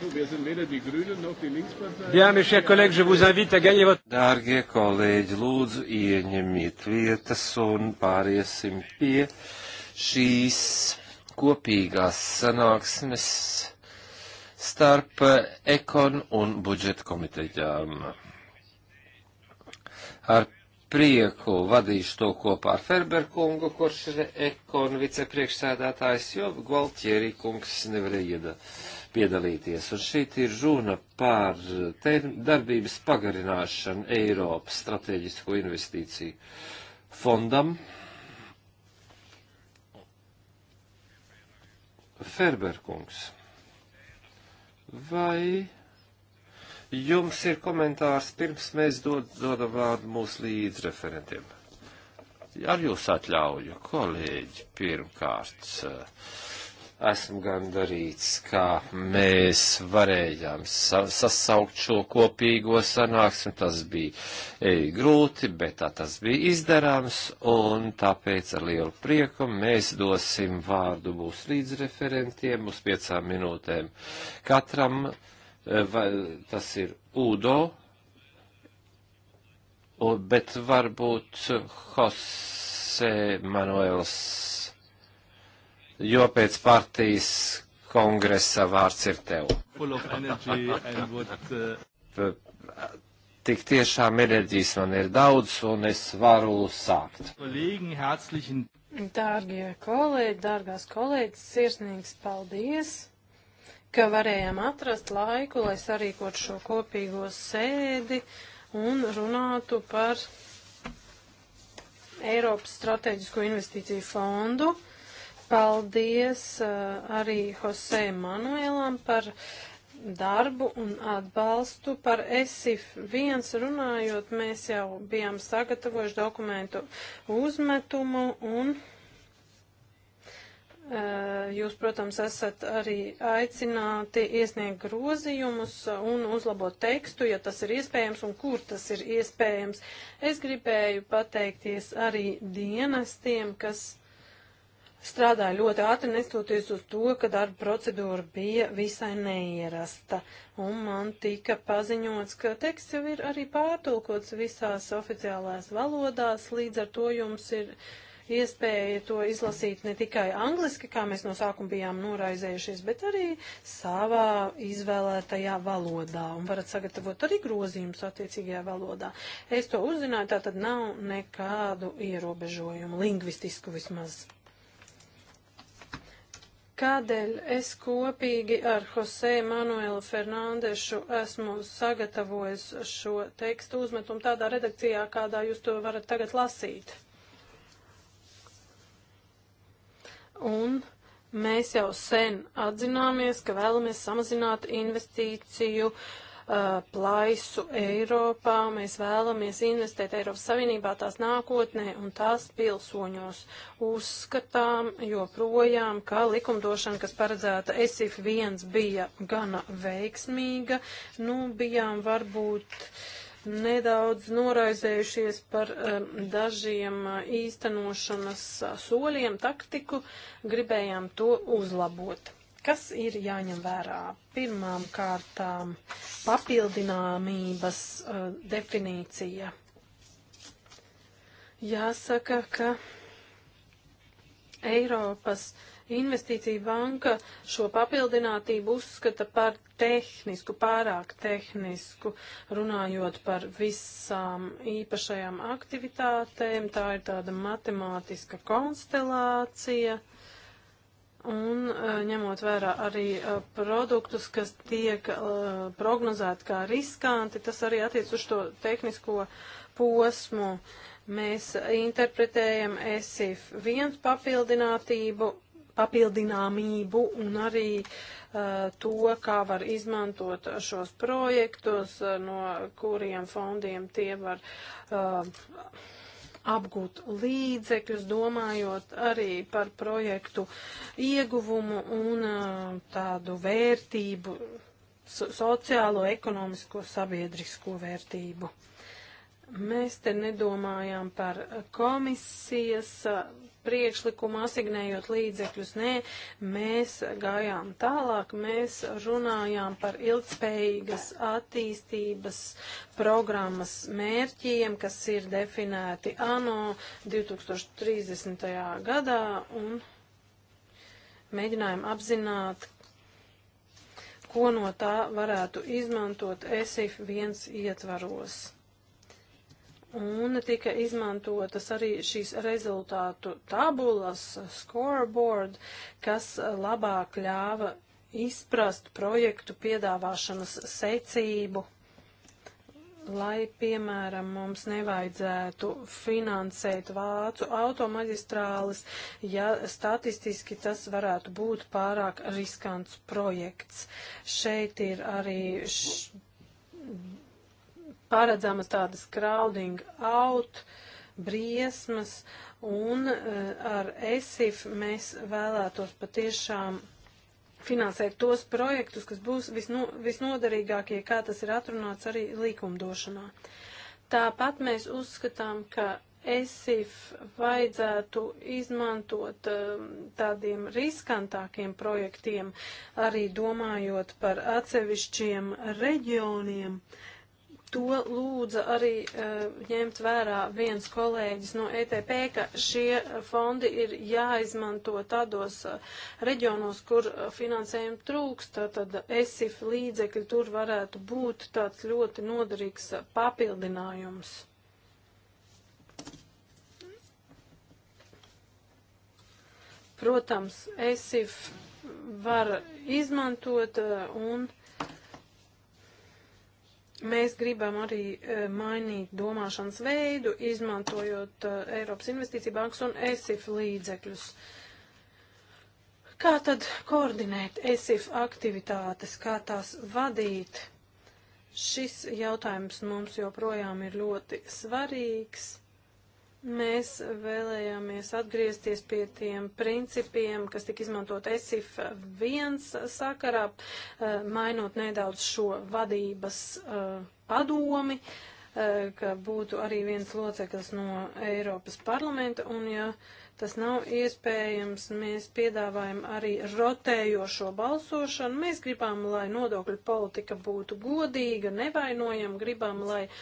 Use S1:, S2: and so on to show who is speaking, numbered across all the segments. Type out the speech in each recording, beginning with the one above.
S1: Nu, Jā, mes chers collègues, je vous invite à gagner votre. Dārgie kolēģi, lūdzu ieņemiet vietas un pāriesim pie šīs kopīgās sanāksmes starp ekon un budžeta komitejām. Ar prieku vadīšu to kopā ar Ferberkungu, kurš ir ekon vicepriekšsēdētājs, jo Gualtieri kungs nevarēja iedot piedalīties. Un šeit ir runa par darbības pagarināšanu Eiropas strateģisko investīciju fondam. Ferberkungs, vai jums ir komentārs pirms mēs dod, dodam vārdu mūsu līdzreferentiem? Ar jūs atļauju, kolēģi, pirmkārt. Uh, esmu gandarīts, kā mēs varējām sa sasaukt šo kopīgo sanāksmi. Tas bija e, grūti, bet tā tas bija izdarāms, un tāpēc ar lielu prieku mēs dosim vārdu mūsu līdzreferentiem uz piecām minūtēm. Katram e, vai, tas ir Udo, un, bet varbūt Jose Manuels jo pēc partijas kongresa vārds ir tev. What, uh... Tik tiešām enerģijas man ir daudz, un es varu sākt.
S2: Dārgie kolēģi, dārgās kolēģis, sirsnīgs paldies, ka varējām atrast laiku, lai sarīkot šo kopīgo sēdi un runātu par Eiropas strateģisko investīciju fondu. Uh, Paldies uh, arī Jose Manuēlam par darbu un atbalstu. Par ESIF viens runājot, mēs jau bijām sagatavojuši dokumentu uzmetumu un. Uh, jūs, protams, esat arī aicināti iesniegt grozījumus un uzlabot tekstu, ja tas ir iespējams un kur tas ir iespējams. Es gribēju pateikties arī dienestiem, kas strādāja ļoti ātri, nestoties uz to, ka darba procedūra bija visai neierasta. Un man tika paziņots, ka teksts jau ir arī pārtulkots visās oficiālās valodās, līdz ar to jums ir iespēja to izlasīt ne tikai angliski, kā mēs no sākuma bijām noraizējušies, bet arī savā izvēlētajā valodā. Un varat sagatavot arī grozījumus attiecīgajā valodā. Es to uzzināju, tā tad nav nekādu ierobežojumu, lingvistisku vismaz. Kādēļ es kopīgi ar Jose Manuelu Fernandešu esmu sagatavojis šo tekstu uzmetumu tādā redakcijā, kādā jūs to varat tagad lasīt? Un mēs jau sen atzināmies, ka vēlamies samazināt investīciju uh, uh, plaisu Eiropā. Mēs vēlamies investēt Eiropas Savienībā tās nākotnē un tās pilsoņos. Uzskatām joprojām, ka likumdošana, kas paredzēta ESIF 1, bija gana veiksmīga. Nu, bijām varbūt nedaudz noraizējušies par um, dažiem uh, īstenošanas uh, soļiem, taktiku, gribējām to uzlabot. Kas ir jāņem vērā? Pirmām kārtām papildināmības uh, definīcija. Jāsaka, ka Eiropas investīcija banka šo papildinātību uzskata par tehnisku, pārāk tehnisku, runājot par visām īpašajām aktivitātēm. Tā ir tāda matemātiska konstelācija. Un uh, ņemot vērā arī uh, produktus, kas tiek uh, prognozēti kā riskanti, tas arī attiec uz to tehnisko posmu. Mēs interpretējam ESIF viens papildinātību, papildināmību un arī to, kā var izmantot šos projektus, no kuriem fondiem tie var uh, apgūt līdzekļus, domājot arī par projektu ieguvumu un uh, tādu vērtību, sociālo, ekonomisko, sabiedrisko vērtību. Mēs te nedomājām par komisijas uh, priekšlikumu, asignējot līdzekļus. Nē, mēs gājām tālāk, mēs runājām par ilgspējīgas attīstības programmas mērķiem, kas ir definēti ANO 2030. gadā un mēģinājām apzināt, ko no tā varētu izmantot ESIF viens ietvaros. Un tika izmantotas arī šīs rezultātu tabulas, scoreboard, kas labāk ļāva izprast projektu piedāvāšanas secību lai, piemēram, mums nevajadzētu finansēt vācu automaģistrāles, ja statistiski tas varētu būt pārāk riskants projekts. Šeit ir arī š paredzamas tādas crowding out briesmas, un eh, ar ESIF mēs vēlētos patiešām finansēt tos projektus, kas būs visno, nu, visnoderīgākie, kā tas ir atrunāts arī likumdošanā. Tāpat mēs uzskatām, ka ESIF vajadzētu izmantot eh, tādiem riskantākiem projektiem, arī domājot par atsevišķiem reģioniem. Uh, to lūdza arī uh, ņemt vērā viens kolēģis no ETP, ka šie fondi ir jāizmanto tādos uh, reģionos, kur uh, eh, finansējumu trūkst, tad ESIF līdzekļi tur varētu būt tāds ļoti noderīgs papildinājums. Protams, ESIF var izmantot un Mēs gribam arī eh, mainīt domāšanas veidu, izmantojot eh, Eiropas investīcija bankas un ESIF līdzekļus. Kā tad koordinēt ESIF aktivitātes, kā tās vadīt? Šis jautājums mums joprojām ir ļoti svarīgs. Mēs vēlējāmies atgriezties pie tiem principiem, kas tika izmantot ESIF 1 sakarā, eh, mainot nedaudz šo vadības eh, padomi, eh, ka būtu arī viens loceklis no Eiropas parlamenta, un ja tas nav iespējams, mēs piedāvājam arī rotējošo balsošanu. Mēs gribam, lai nodokļu politika būtu godīga, nevainojam, gribam, lai uh,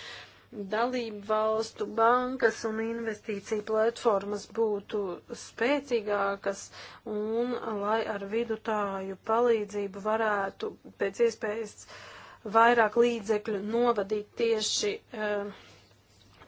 S2: dalību valstu bankas un investīcija platformas būtu spēcīgākas un lai ar vidutāju palīdzību varētu pēc iespējas vairāk līdzekļu novadīt tieši uh,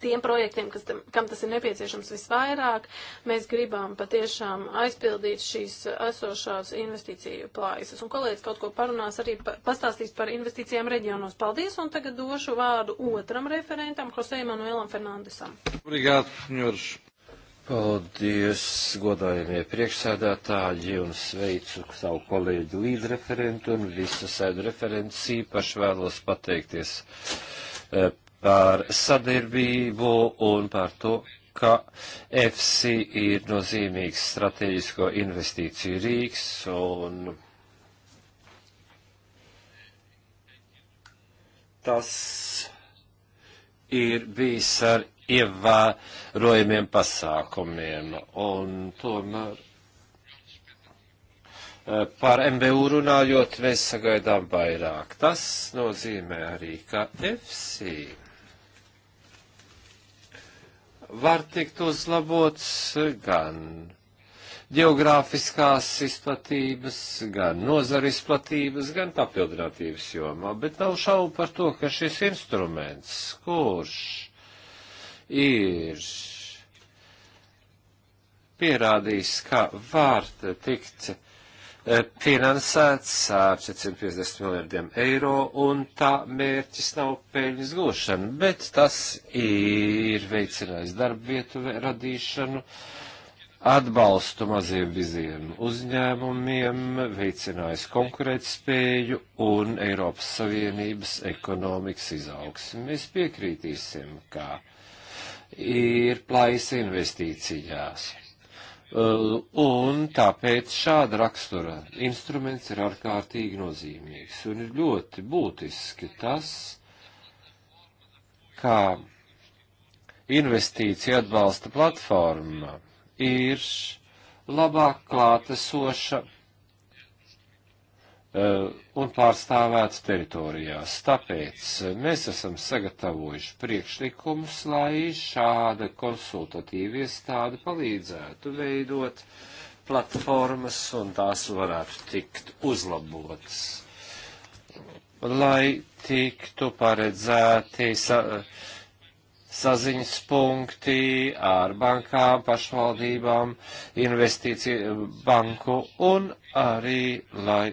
S2: tiem projektiem, kas tam, kam tas ir nepieciešams visvairāk, mēs gribam patiešām aizpildīt šīs esošās investīciju plājas. Un kolēģis kaut ko parunās arī pa, pastāstīs par investīcijām reģionos. Paldies, un tagad došu vārdu otram referentam, Jose Manuelam Fernandesam.
S1: Obrigāt, senjors. Paldies, godājumie priekšsēdētāji, un sveicu savu kolēģi līdzreferentu un visu sēdu referents. Īpaši vēlos pateikties eh, par sadarbību un par to, ka FC ir nozīmīgs strateģisko investīciju rīks un tas ir bijis ar ievērojumiem pasākumiem un tomēr eh, par MBU runājot, mēs sagaidām vairāk. Tas nozīmē arī, ka FC var tikt uzlabots gan geogrāfiskās izplatības, gan nozara izplatības, gan papildinātības jomā, bet nav šaubu par to, ka šis instruments, kurš ir pierādījis, ka var tikt Eh, finansēts ar 450 miljardiem eiro, un tā mērķis nav peļņas gūšana, bet tas ir veicinājis darba vietu radīšanu, atbalstu maziem biziem uzņēmumiem, veicinājis konkurētspēju un Eiropas Savienības ekonomikas izaugsmi. Mēs piekrītīsim, ka ir plaisa investīcijās Uh, un tāpēc šāda rakstura instruments ir ārkārtīgi nozīmīgs un ir ļoti būtiski tas, kā investīcija atbalsta platforma ir labāk klātesoša uh, un pārstāvēts teritorijās. Tāpēc mēs esam sagatavojuši priekšlikumus, lai šāda konsultatīva iestāde palīdzētu veidot platformas un tās varētu tikt uzlabotas, lai tiktu paredzēti sa saziņas punkti ar bankām, pašvaldībām, investīciju banku un arī, lai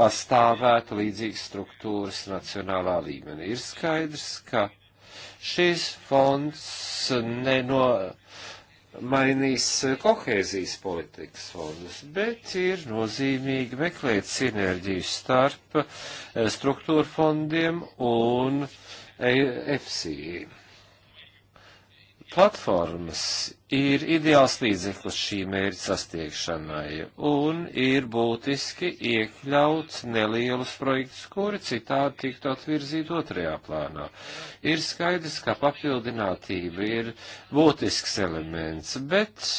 S1: pastāvētu līdzīgas struktūras nacionālā līmenī. Ir skaidrs, ka šis fonds neno mainīs kohēzijas politikas fondus, bet ir nozīmīgi meklēt sinerģiju starp struktūra fondiem un EFSI. E Platformas ir ideāls līdzeklis šī mērķa sastiegšanai un ir būtiski iekļaut nelielus projektus, kuri citādi tiktu atvirzīt otrajā plānā. Ir skaidrs, ka papildinātība ir būtisks elements, bet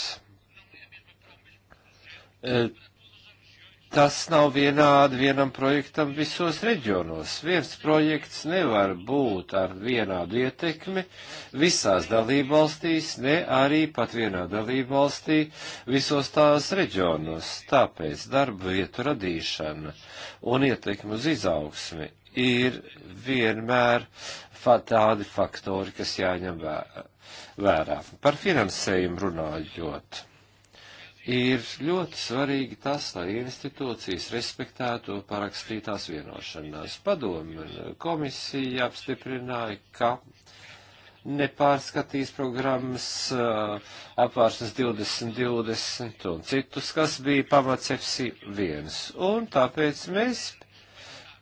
S1: eh, tas nav vienādi vienam projektam visos reģionos. Viens projekts nevar būt ar vienādu ietekmi visās dalībvalstīs, ne arī pat vienā dalībvalstī visos tās reģionos. Tāpēc darba vietu radīšana un ietekmi uz izaugsmi ir vienmēr fa tādi faktori, kas jāņem vērā. Par finansējumu runājot ir ļoti svarīgi tas, lai institūcijas respektētu parakstītās vienošanās. Padomu komisija apstiprināja, ka nepārskatīs programmas apvārsnes 2020 un citus, kas bija pamats FC1. Un tāpēc mēs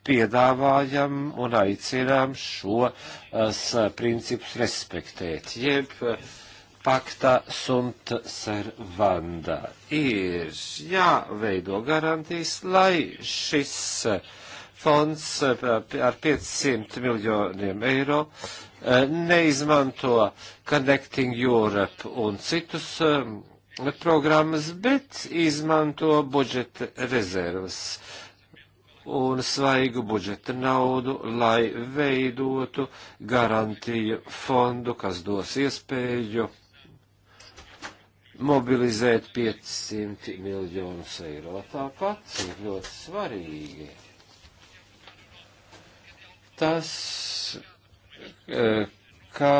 S1: piedāvājam un aicinām šos principus respektēt. Jeb, uh, paktā sunt servanda. Ir jāveido garantijas, lai šis fonds eh, ar 500 miljoniem eiro eh, neizmanto Connecting Europe un citus eh, programmas, bet izmanto budžeta rezervas un svaigu budžeta naudu, lai veidotu garantiju fondu, kas dos iespēju mobilizēt 500 miljonus eiro. Tāpat ir ļoti svarīgi. Tas, e, kā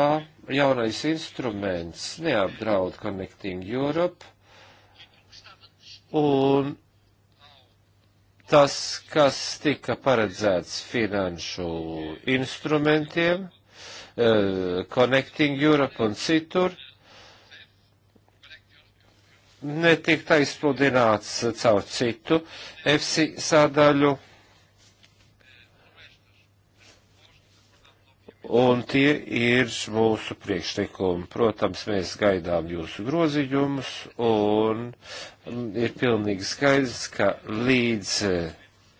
S1: jaunais instruments neapdraud Connecting Europe, un tas, kas tika paredzēts finanšu instrumentiem, e, Connecting Europe un citur, netiktu aizpludināts caur citu EFSI sādaļu. Un tie ir mūsu priekšlikumi. Protams, mēs gaidām jūsu groziņumus, un ir pilnīgi skaidrs, ka līdz eh,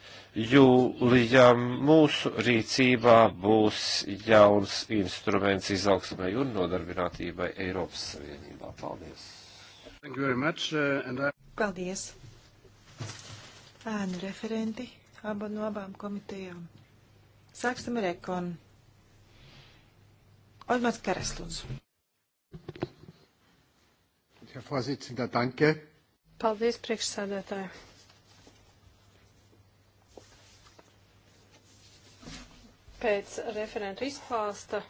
S1: jūlijam mūsu rīcībā būs jauns instruments izaugsmai un nodarbinātībai Eiropas Savienībā. Paldies! Much, uh, I...
S3: Paldies. Ēnu referenti aba no abām komitejām. Sāksim ar ekonu. Olmars Karas, lūdzu.
S1: Herr Vorsitzender, danke.
S2: Paldies, priekšsēdētāji. Pēc referentu izklāsta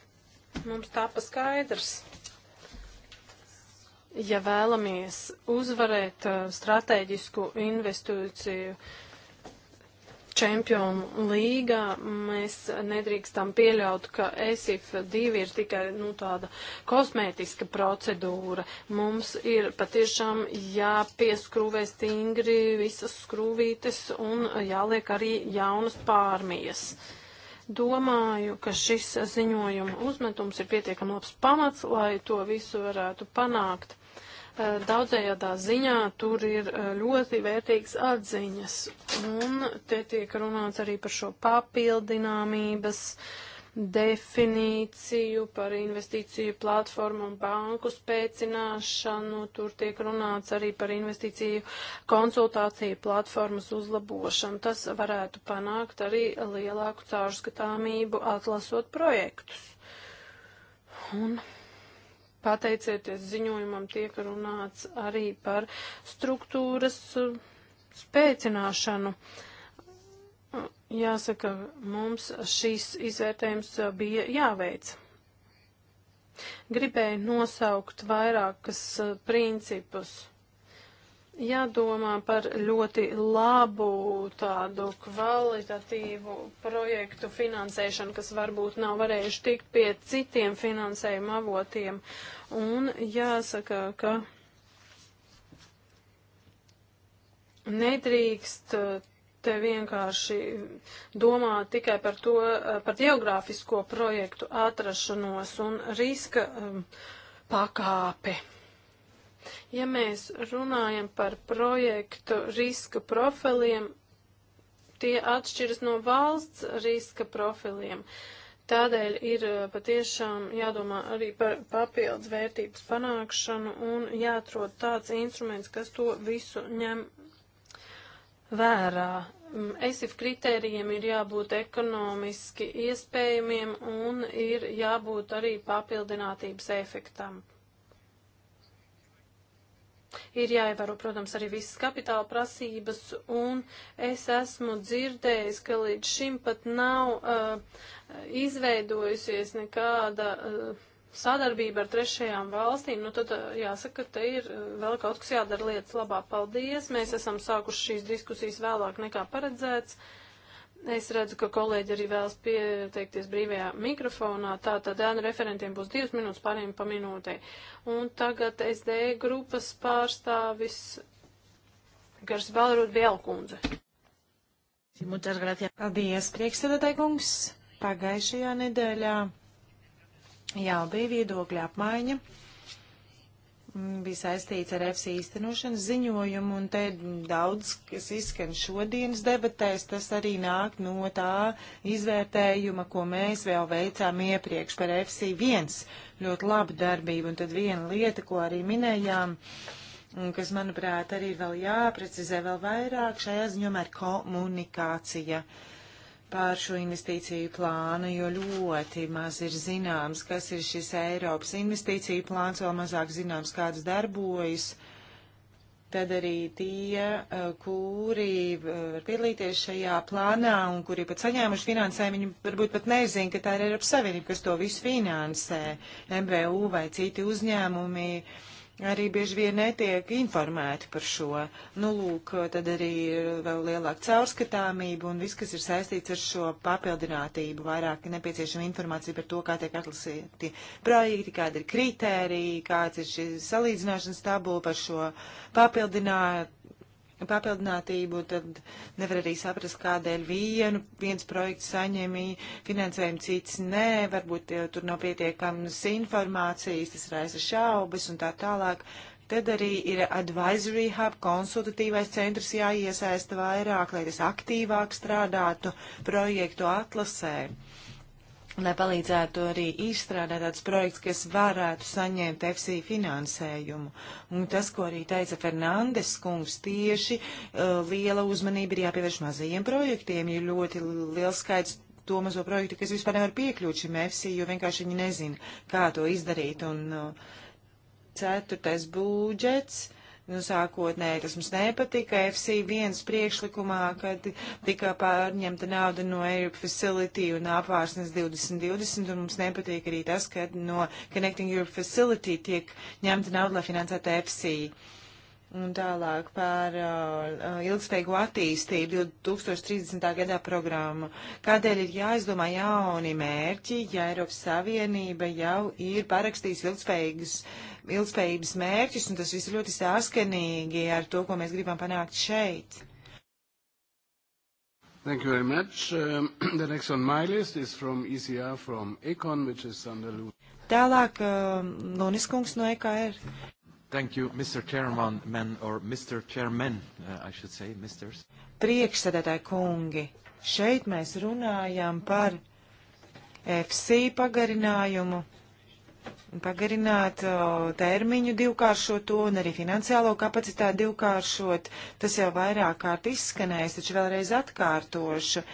S2: mums tāpa skaidrs, ja vēlamies uzvarēt uh, strateģisku investīciju čempionu līgā, mēs nedrīkstam pieļaut, ka ESIF 2 ir tikai nu, tāda kosmētiska procedūra. Mums ir patiešām jāpieskrūvē stingri visas skrūvītes un jāliek arī jaunas pārmijas domāju, ka šis ziņojuma uzmetums ir pietiekami labs pamats, lai to visu varētu panākt. Eh, daudzējādā ziņā tur ir eh, ļoti vērtīgas atziņas. Un te tiek runāts arī par šo papildināmības definīciju, par investīciju platformu un banku spēcināšanu. Tur tiek runāts arī par investīciju konsultāciju platformas uzlabošanu. Tas varētu panākt arī lielāku cārskatāmību atlasot projektus. Un Pateicieties ziņojumam tiek runāts arī par struktūras eh, spēcināšanu. Jāsaka, mums šīs izvērtējums eh, bija jāveic. Gribēju nosaukt vairākas eh, principus jādomā par ļoti labu tādu kvalitatīvu projektu finansēšanu, kas varbūt nav varējuši tikt pie citiem finansējuma avotiem. Un jāsaka, ka nedrīkst uh, te vienkārši domā tikai par to, uh, par geogrāfisko projektu atrašanos un riska um, pakāpi. Ja mēs runājam par projektu riska profiliem, tie atšķiras no valsts riska profiliem. Tādēļ ir eh, patiešām jādomā arī par papildus vērtības panākšanu un jāatrod tāds instruments, kas to visu ņem vērā. Mm, ESIF kritērijiem ir jābūt ekonomiski iespējamiem un ir jābūt arī papildinātības efektam. Ir jāievēro, protams, arī visas kapitāla prasības, un es esmu dzirdējis, ka līdz šim pat nav uh, izveidojusies nekāda uh, sadarbība ar trešajām valstīm. Nu, tad uh, jāsaka, ka te ir uh, vēl kaut kas jādara lietas labā. Paldies! Mēs esam sākuši šīs diskusijas vēlāk nekā paredzēts. Uh, Es redzu, ka kolēģi arī vēlas pieteikties brīvajā mikrofonā, tā tad ēnu referentiem būs divas minūtes pārējiem pa minūtei. Un tagad SD grupas pārstāvis Gars Valrūt Bielkundze.
S3: Paldies, priekšsēdētāji kungs. Pagājušajā nedēļā jau bija viedokļa apmaiņa Mm, bija saistīts ar EFSI īstenošanas ziņojumu, un te daudz, kas izskan šodienas debatēs, tas arī nāk no tā izvērtējuma, ko mēs vēl veicām iepriekš par EFSI viens ļoti labu darbību, un tad viena lieta, ko arī minējām, un kas, manuprāt, arī vēl jāprecizē vēl vairāk šajā ziņojumā ir komunikācija. Uh, par šo investīciju plānu, jo ļoti maz ir zināms, kas ir šis Eiropas investīciju plāns, vēl mazāk zināms, kāds darbojas. Tad arī tie, eh, kuri eh, var piedalīties šajā plānā un kuri pat saņēmuši finansējumu, viņi varbūt pat nezina, ka tā ir Eiropas Savienība, kas to visu finansē, MVU vai citi uzņēmumi. Uh, arī bieži vien netiek informēti par šo. Nu, lūk, tad arī ir eh, vēl lielāka caurskatāmība un viss, kas ir saistīts ar šo papildinātību, vairāk nepieciešama informācija par to, kā tiek atlasīti projekti, kāda ir kritērija, kāds ir šī salīdzināšanas tabula par šo papildinātību papildinātību, tad nevar arī saprast, kādēļ vienu, viens projekts saņemī finansējumu, cits nē, varbūt ja tur nav pietiekams informācijas, tas raisa šaubas un tā tālāk. Tad arī ir advisory hub, konsultatīvais centrs jāiesaista vairāk, lai tas aktīvāk strādātu projektu atlasē. Uh, lai palīdzētu arī izstrādāt tāds projekts, kas varētu saņemt FCI finansējumu. Un tas, ko arī teica Fernandes kungs, tieši uh, liela uzmanība ir jāpievērš mazajiem projektiem, jo ļoti liels skaits to mazo projektu, kas vispār nevar piekļūt šim FCI, jo vienkārši viņi nezina, kā to izdarīt. Un uh, ceturtais būdžets Nu, sākotnēji tas mums nepatika FC1 priekšlikumā, kad tika pārņemta nauda no Europe Facility un apvārsnes 2020, un mums nepatīk arī tas, ka no Connecting Europe Facility tiek ņemta nauda, lai finansētu FC. Uh, Un tālāk par uh, uh ilgspējīgu attīstību 2030. gadā programmu. Kādēļ ir jāizdomā jauni mērķi, ja Eiropas Savienība jau ir parakstījusi ilgspējīgas, ilgspējības mērķus, un tas viss ir ļoti saskanīgi ar to, ko mēs gribam panākt šeit?
S1: Thank you very much. Um, the next on my list is from ECR, from Econ, which is Sander Lūdzu.
S3: Tālāk, uh, um, Lunis kungs no EKR.
S1: Thank you, Mr. Chairman, men, or Mr. Chairman, uh, I should say, Misters.
S3: Priekšsēdētāji kungi, šeit mēs runājam par FC pagarinājumu, pagarināt o, termiņu divkāršot to un arī finansiālo kapacitāti divkāršot. Tas jau vairāk kārt izskanējis, taču vēlreiz atkārtošu.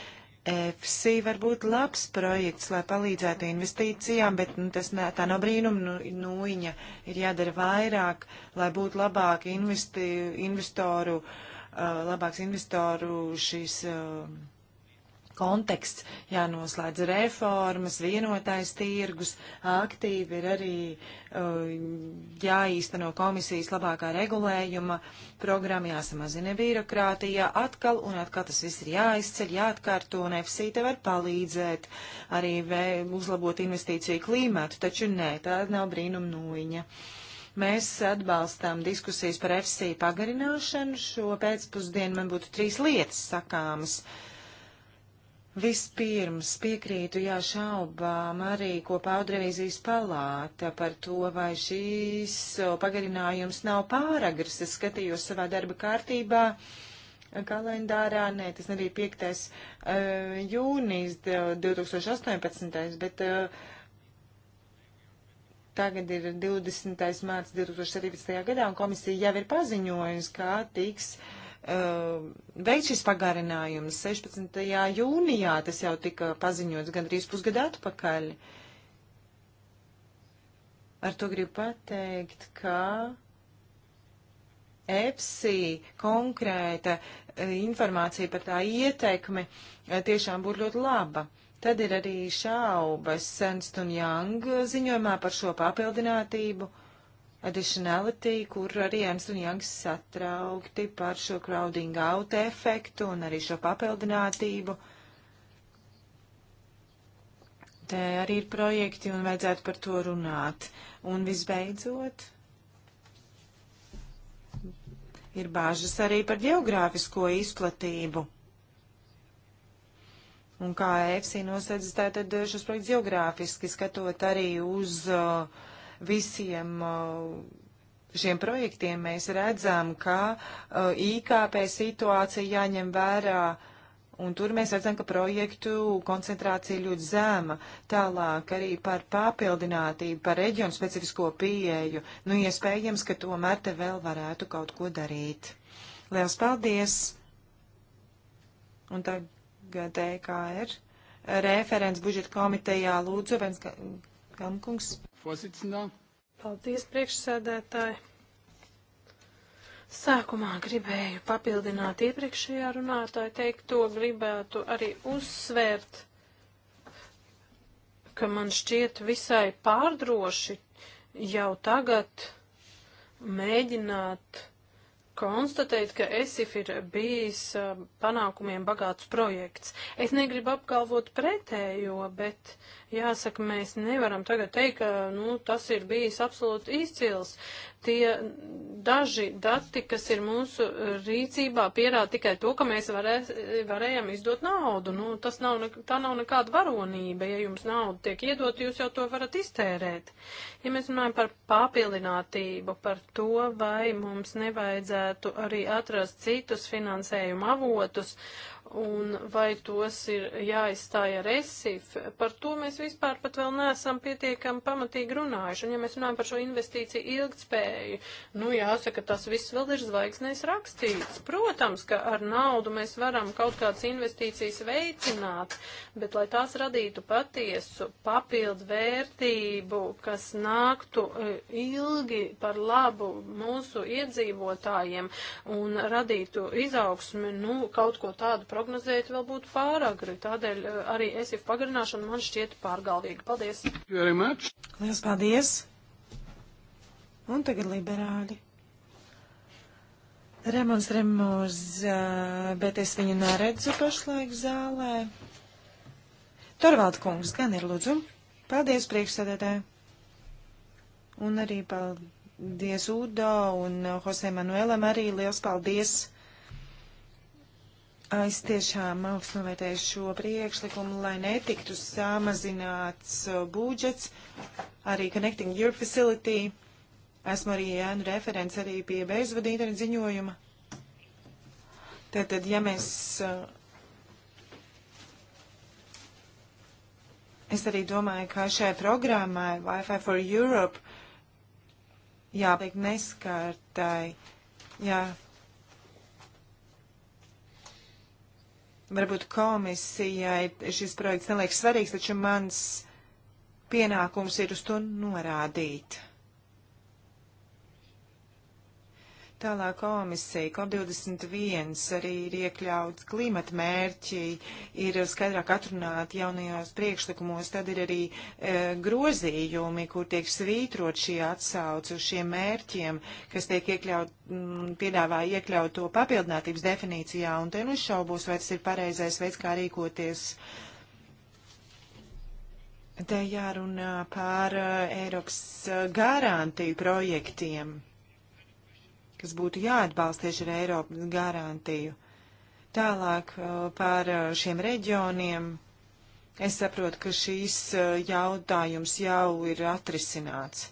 S3: EFSI var būt labs projekts, lai palīdzētu investīcijām, bet nu, tas nē, tā nav brīnuma nu, nūjiņa. Nu, ir jādara vairāk, lai būtu labāk investi, investoru, uh, labāks investoru šīs. Uh, konteksts, jānoslēdz reformas, vienotais tirgus, aktīvi ir arī uh, jāīsteno komisijas labākā regulējuma programma, jāsamazina birokrātijā atkal un atkal tas viss ir jāizceļ, jāatkārto un FSI te var palīdzēt arī uzlabot investīciju klīmētu, taču nē, tā nav brīnum nūjiņa. Mēs atbalstām diskusijas par FSI pagarināšanu. Šo pēcpusdienu man būtu trīs lietas sakāmas. Uh, Vispirms piekrītu, jā, šaubām arī, ko pauda revīzijas palāta par to, vai šīs pagarinājums nav pāragrs. Es skatījos savā darba kārtībā kalendārā, nē, tas nebija 5. Uh, e, jūnijas 2018, bet uh, tagad ir 20. mārts 2017. gadā, un komisija jau ir paziņojusi, kā tiks uh, veikt šis pagarinājums. 16. jūnijā tas jau tika paziņots gandrīz pusgadu atpakaļ. Ar to gribu pateikt, ka EPSI konkrēta informācija par tā ietekmi tiešām būtu ļoti laba. Tad ir arī šaubas Senston Young ziņojumā par šo papildinātību additionality, kur arī Ernst un Jangs satraukti par šo crowding out efektu un arī šo papildinātību. Te arī ir projekti un vajadzētu par to runāt. Un visbeidzot, ir bāžas arī par geogrāfisko izplatību. Un kā EFSI nosedz tātad šos projekts geogrāfiski, skatot arī uz uh, visiem uh, šiem projektiem mēs redzam, ka uh, IKP situācija jāņem vērā. Un tur mēs redzam, ka projektu koncentrācija ļoti zema. Tālāk arī par papildinātību, par reģionu specifisko pieeju. Nu, iespējams, ka tomēr te vēl varētu kaut ko darīt. Liels paldies! Un tagad EKR referents budžeta komitejā lūdzu, Vens Gamkungs. Vorsitzender. Paldies, priekšsēdētāji.
S2: Sākumā gribēju papildināt iepriekšējā runātāja teikto, gribētu arī uzsvērt, ka man šķiet visai pārdroši jau tagad mēģināt konstatēt, ka ESIF ir bijis panākumiem bagāts projekts. Es negribu apgalvot pretējo, bet Jāsaka, mēs nevaram tagad teikt, ka nu, tas ir bijis absolūti izcils. Tie daži dati, kas ir mūsu rīcībā, pierāda tikai to, ka mēs varē, varējām izdot naudu. Nu, tas nav, ne, tā nav nekāda varonība. Ja jums nauda tiek iedot, jūs jau to varat iztērēt. Ja mēs runājam par papildinātību, par to, vai mums nevajadzētu arī atrast citus finansējumu avotus, un vai tos ir jāizstāja ar ESIF, par to mēs vispār pat vēl neesam pietiekami pamatīgi runājuši. Un ja mēs runājam par šo investīciju ilgtspēju, nu jāsaka, tas viss vēl ir zvaigznēs rakstīts. Protams, ka ar naudu mēs varam kaut kādas investīcijas veicināt, bet lai tās radītu patiesu papildu vērtību, kas nāktu e, ilgi par labu mūsu iedzīvotājiem un radītu izaugsmi, nu, kaut ko tādu problēmu prognozēt vēl būtu pāragri. Tādēļ eh, arī ESIF pagarināšana man šķiet pārgalvīga. Paldies!
S3: Lielas paldies! Un tagad liberāļi. Remons Remūz, eh, bet es viņu neredzu pašlaik zālē. Torvalda kungs gan ir lūdzu. Paldies priekšsēdētāji. Un arī paldies Udo un Jose Manuelam arī liels paldies Es tiešām augstu novērtēju šo priekšlikumu, lai netiktu samazināts uh, budžets, arī Connecting Europe Facility. Esmu arī ēnu referents arī pie bezvadu internetu ziņojuma. Tātad, ja mēs. Uh, es arī domāju, ka šai programmai Wi-Fi for Europe jātiek neskārtai. Jā, varbūt komisijai šis projekts neliekas svarīgs, taču mans pienākums ir uz to norādīt. Tālāk komisija, COP21 arī ir iekļauts klimata mērķi, ir skaidrāk atrunāti jaunajos priekšlikumos, tad ir arī e, grozījumi, kur tiek svītrot šī atsauce uz šiem mērķiem, kas tiek iekļaut, m, mm, piedāvā iekļaut to papildinātības definīcijā, un te nu šaubos, vai tas ir pareizais veids, kā rīkoties. Te jārunā par uh, Eiropas uh, garantiju projektiem kas būtu jāatbalsta tieši ar Eiropas garantiju. Tālāk uh, par uh, šiem reģioniem. Es saprotu, ka šīs uh, jautājums jau ir atrisināts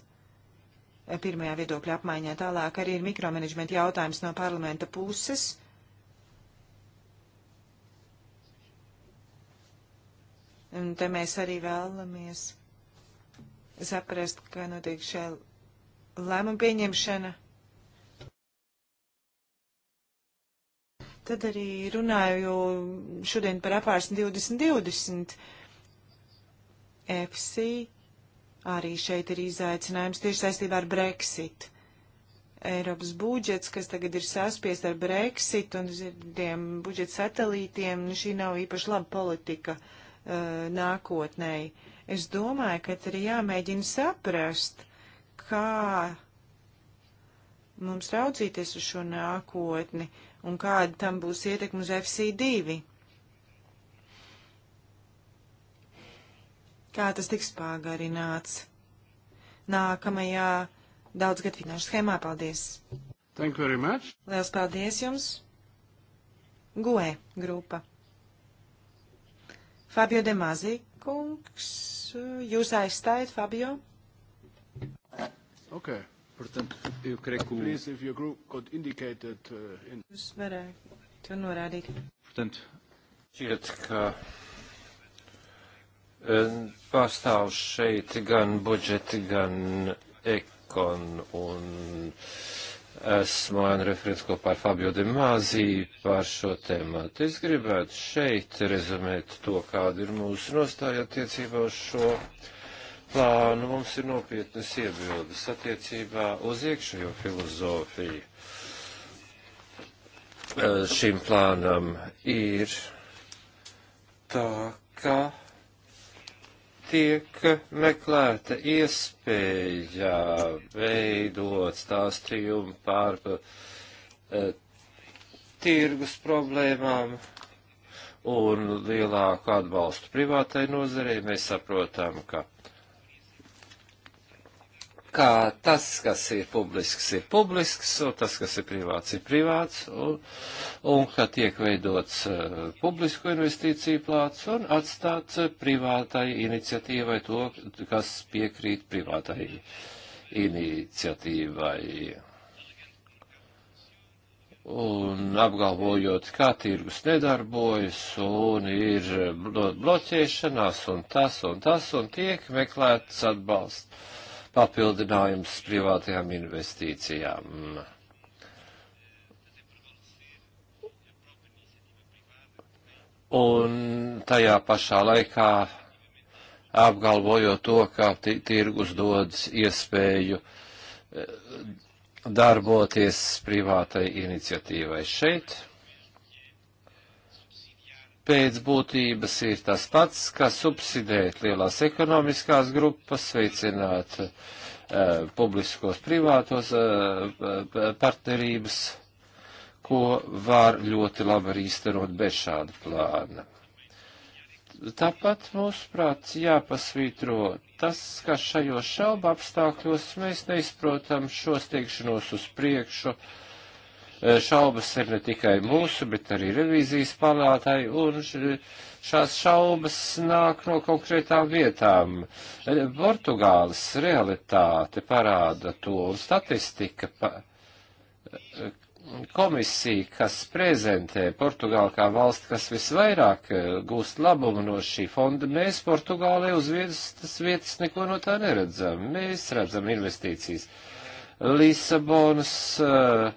S3: pirmajā viedokļa apmaiņā. Tālāk arī ir mikromanagementa jautājums no parlamenta puses. Un te mēs arī vēlamies saprast, kā notiek šī lēmuma pieņemšana. Tad arī runāju šodien par apārsni 2020. FC arī šeit ir izaicinājums tieši saistībā ar Brexit. Eiropas budžets, kas tagad ir saspiest ar Brexit un tiem budžeta satelītiem, nu, šī nav īpaši laba politika uh, nākotnēji. Es domāju, ka ir jāmēģina saprast, kā mums raudzīties uz šo nākotni. Uh, un kāda tam būs ietekme uz FC2. Kā tas tiks pagarināts nākamajā daudzgad finanšu schēmā? Paldies!
S1: Thank you very much!
S3: Liels paldies jums! GUE grupa. Fabio De Mazi, kungs, jūs aizstājat Fabio?
S1: Okay. Portanto, eu creio que o... Please, if your group could indicate that... Uh, in... Jūs
S3: varētu norādīt.
S1: Portanto, šķiet, ka e, pastāv šeit gan budžeti, gan ekon un esmu Anna referents kopā ar Fabio De Mazī par šo tēmātu. Es gribētu šeit rezumēt to, kāda ir mūsu nostāja attiecībā uz šo tēmu plānu mums ir nopietnas iebildes attiecībā uz iekšējo filozofiju. Šim plānam ir tā, ka tiek meklēta iespēja veidot stāstījumu par uh, tirgus problēmām un lielāku atbalstu privātai nozarei. Mēs saprotam, ka kā tas, kas ir publisks, ir publisks, un tas, kas ir privāts, ir privāts, un, un ka tiek veidots uh, publisku investīciju plāts un atstāts eh, privātai iniciatīvai to, kas piekrīt privātai iniciatīvai. Un apgalvojot, kā tirgus nedarbojas, un ir bloķēšanās, un tas, un tas, un tiek meklēts atbalsts papildinājums privātajām investīcijām. Un tajā pašā laikā apgalvojot to, ka tirgus dodas iespēju eh, darboties privātai iniciatīvai šeit pēc būtības ir tas pats, kā subsidēt lielās ekonomiskās grupas, veicināt uh, publiskos privātos uh, partnerības, ko var ļoti labi arī izdarot bez šāda plāna. Tāpat mūsuprāt jāpasvītro tas, ka šajos šauba apstākļos mēs neizprotam šos tiekšanos uz priekšu, uh, šaubas ir ne tikai mūsu, bet arī revīzijas palātai, un šās šaubas nāk no konkrētām vietām. Portugāles realitāte parāda to, un statistika pa, komisija, kas prezentē Portugāli kā valsti, kas visvairāk gūst labumu no šī fonda, mēs Portugālē uz vietas, vietas neko no tā neredzam. Mēs redzam investīcijas Lisabonas uh,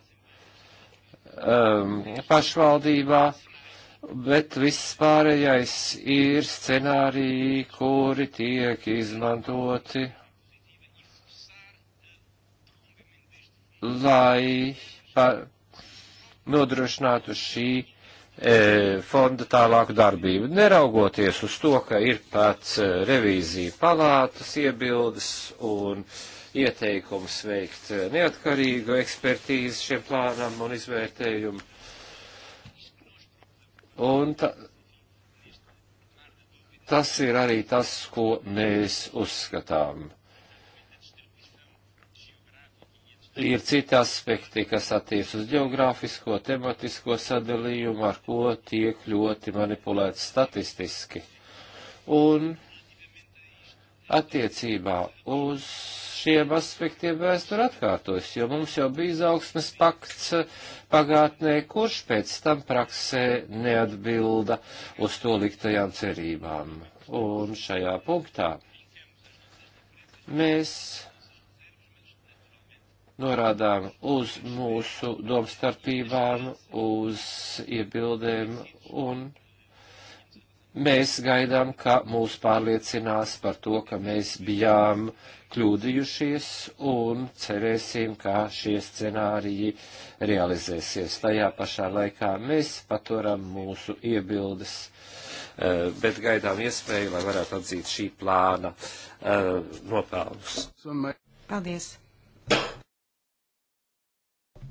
S1: um, pašvaldībā, bet viss pārējais ir scenāriji, kuri tiek izmantoti, lai pa, nodrošinātu šī e, fonda tālāku darbību. Neraugoties uz to, ka ir pats e, revīzija palātas iebildes un uh, ieteikums veikt neatkarīgu ekspertīzi šiem plānam un izvērtējumu. Un ta, tas ir arī tas, ko mēs uzskatām. Ir citi aspekti, kas attiec uz geogrāfisko, tematisko sadalījumu, ar ko tiek ļoti manipulēts statistiski. Un attiecībā uz šiem aspektiem vēsture atkārtojas, jo mums jau bija izaugsmes pakts pagātnē, kurš pēc tam praksē neatbilda uz to liktajām cerībām. Un šajā punktā mēs norādām uz mūsu domstarpībām, uz iebildēm un mēs gaidām, ka mūs pārliecinās par to, ka mēs bijām kļūdījušies un cerēsim, ka šie scenāriji realizēsies. Tajā pašā laikā mēs paturam mūsu iebildes, eh, bet gaidām iespēju, lai varētu atzīt šī plāna eh, nopelnus.
S3: Paldies!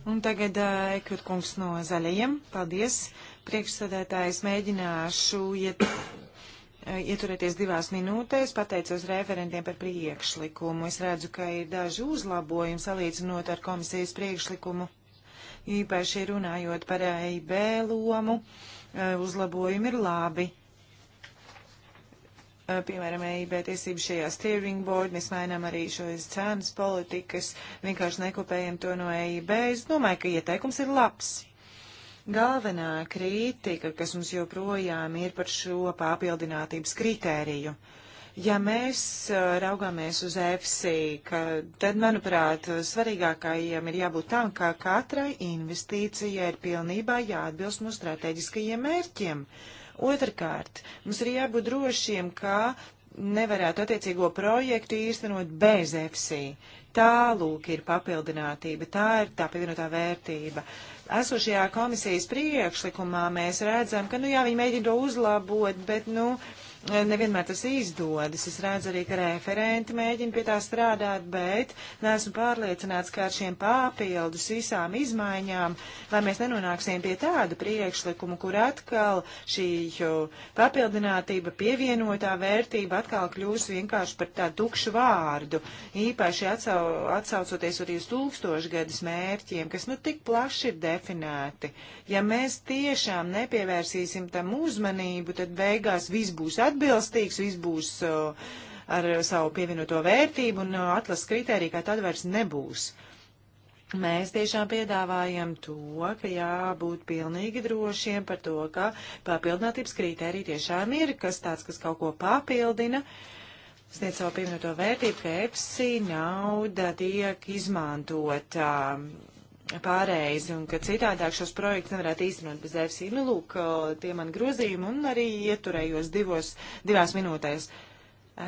S3: Un tagad eh, Ekvitkungs no zaļajiem. Paldies! priekšsēdētāji, es mēģināšu iet, eh, ieturēties divās minūtēs, pateicos referentiem par priekšlikumu. Es redzu, ka ir daži uzlabojumi salīdzinot ar komisijas priekšlikumu, īpaši runājot par EIB lomu, eh, uzlabojumi ir labi. Eh, piemēram, EIB tiesību šajā steering board, mēs mainām arī šo cenas politikas, vienkārši nekopējam to no EIB. Es domāju, ka ieteikums ir labs Galvenā kritika, kas mums joprojām ir par šo papildinātības kritēriju. Ja mēs raugāmies uz EFSI, tad, manuprāt, svarīgākajiem ir jābūt tam, ka katrai investīcijai ir pilnībā jāatbilst mūsu strateģiskajiem mērķiem. Otrakārt, mums ir jābūt drošiem, ka nevarētu attiecīgo projektu īstenot bez EFSI. Tā lūk ir papildinātība, tā ir tā pievienotā vērtība. Esošajā komisijas priekšlikumā mēs redzam, ka, nu jā, viņi mēģina to uzlabot, bet, nu, uh, nevienmēr tas izdodas. Es redzu arī, ka referenti mēģina pie tā strādāt, bet neesmu pārliecināts, ka ar šiem papildus visām izmaiņām, lai mēs nenonāksim pie tāda priekšlikuma, kur atkal šī papildinātība, pievienotā vērtība atkal kļūs vienkārši par tādu tukšu vārdu, īpaši atsau, atsaucoties arī uz tūkstošgadus mērķiem, kas nu tik plaši ir definēti. Ja mēs tiešām nepievērsīsim tam uzmanību, tad beigās viss būs atbildīgs atbilstīgs, viss būs uh, ar savu pievienoto vērtību un uh, atlases kritērija kā tad vairs nebūs. Mēs tiešām piedāvājam to, ka jābūt pilnīgi drošiem par to, ka papildinātības kriterija tiešām ir, kas tāds, kas kaut ko papildina, sniedz savu pievienoto vērtību, ka EPSI nauda tiek izmantota pārreizi un ka citādāk šos projektus nevarētu īstenot bez EFSI. Nu, lūk, tie man grozījumi un arī ieturējos divos, divās minūtēs.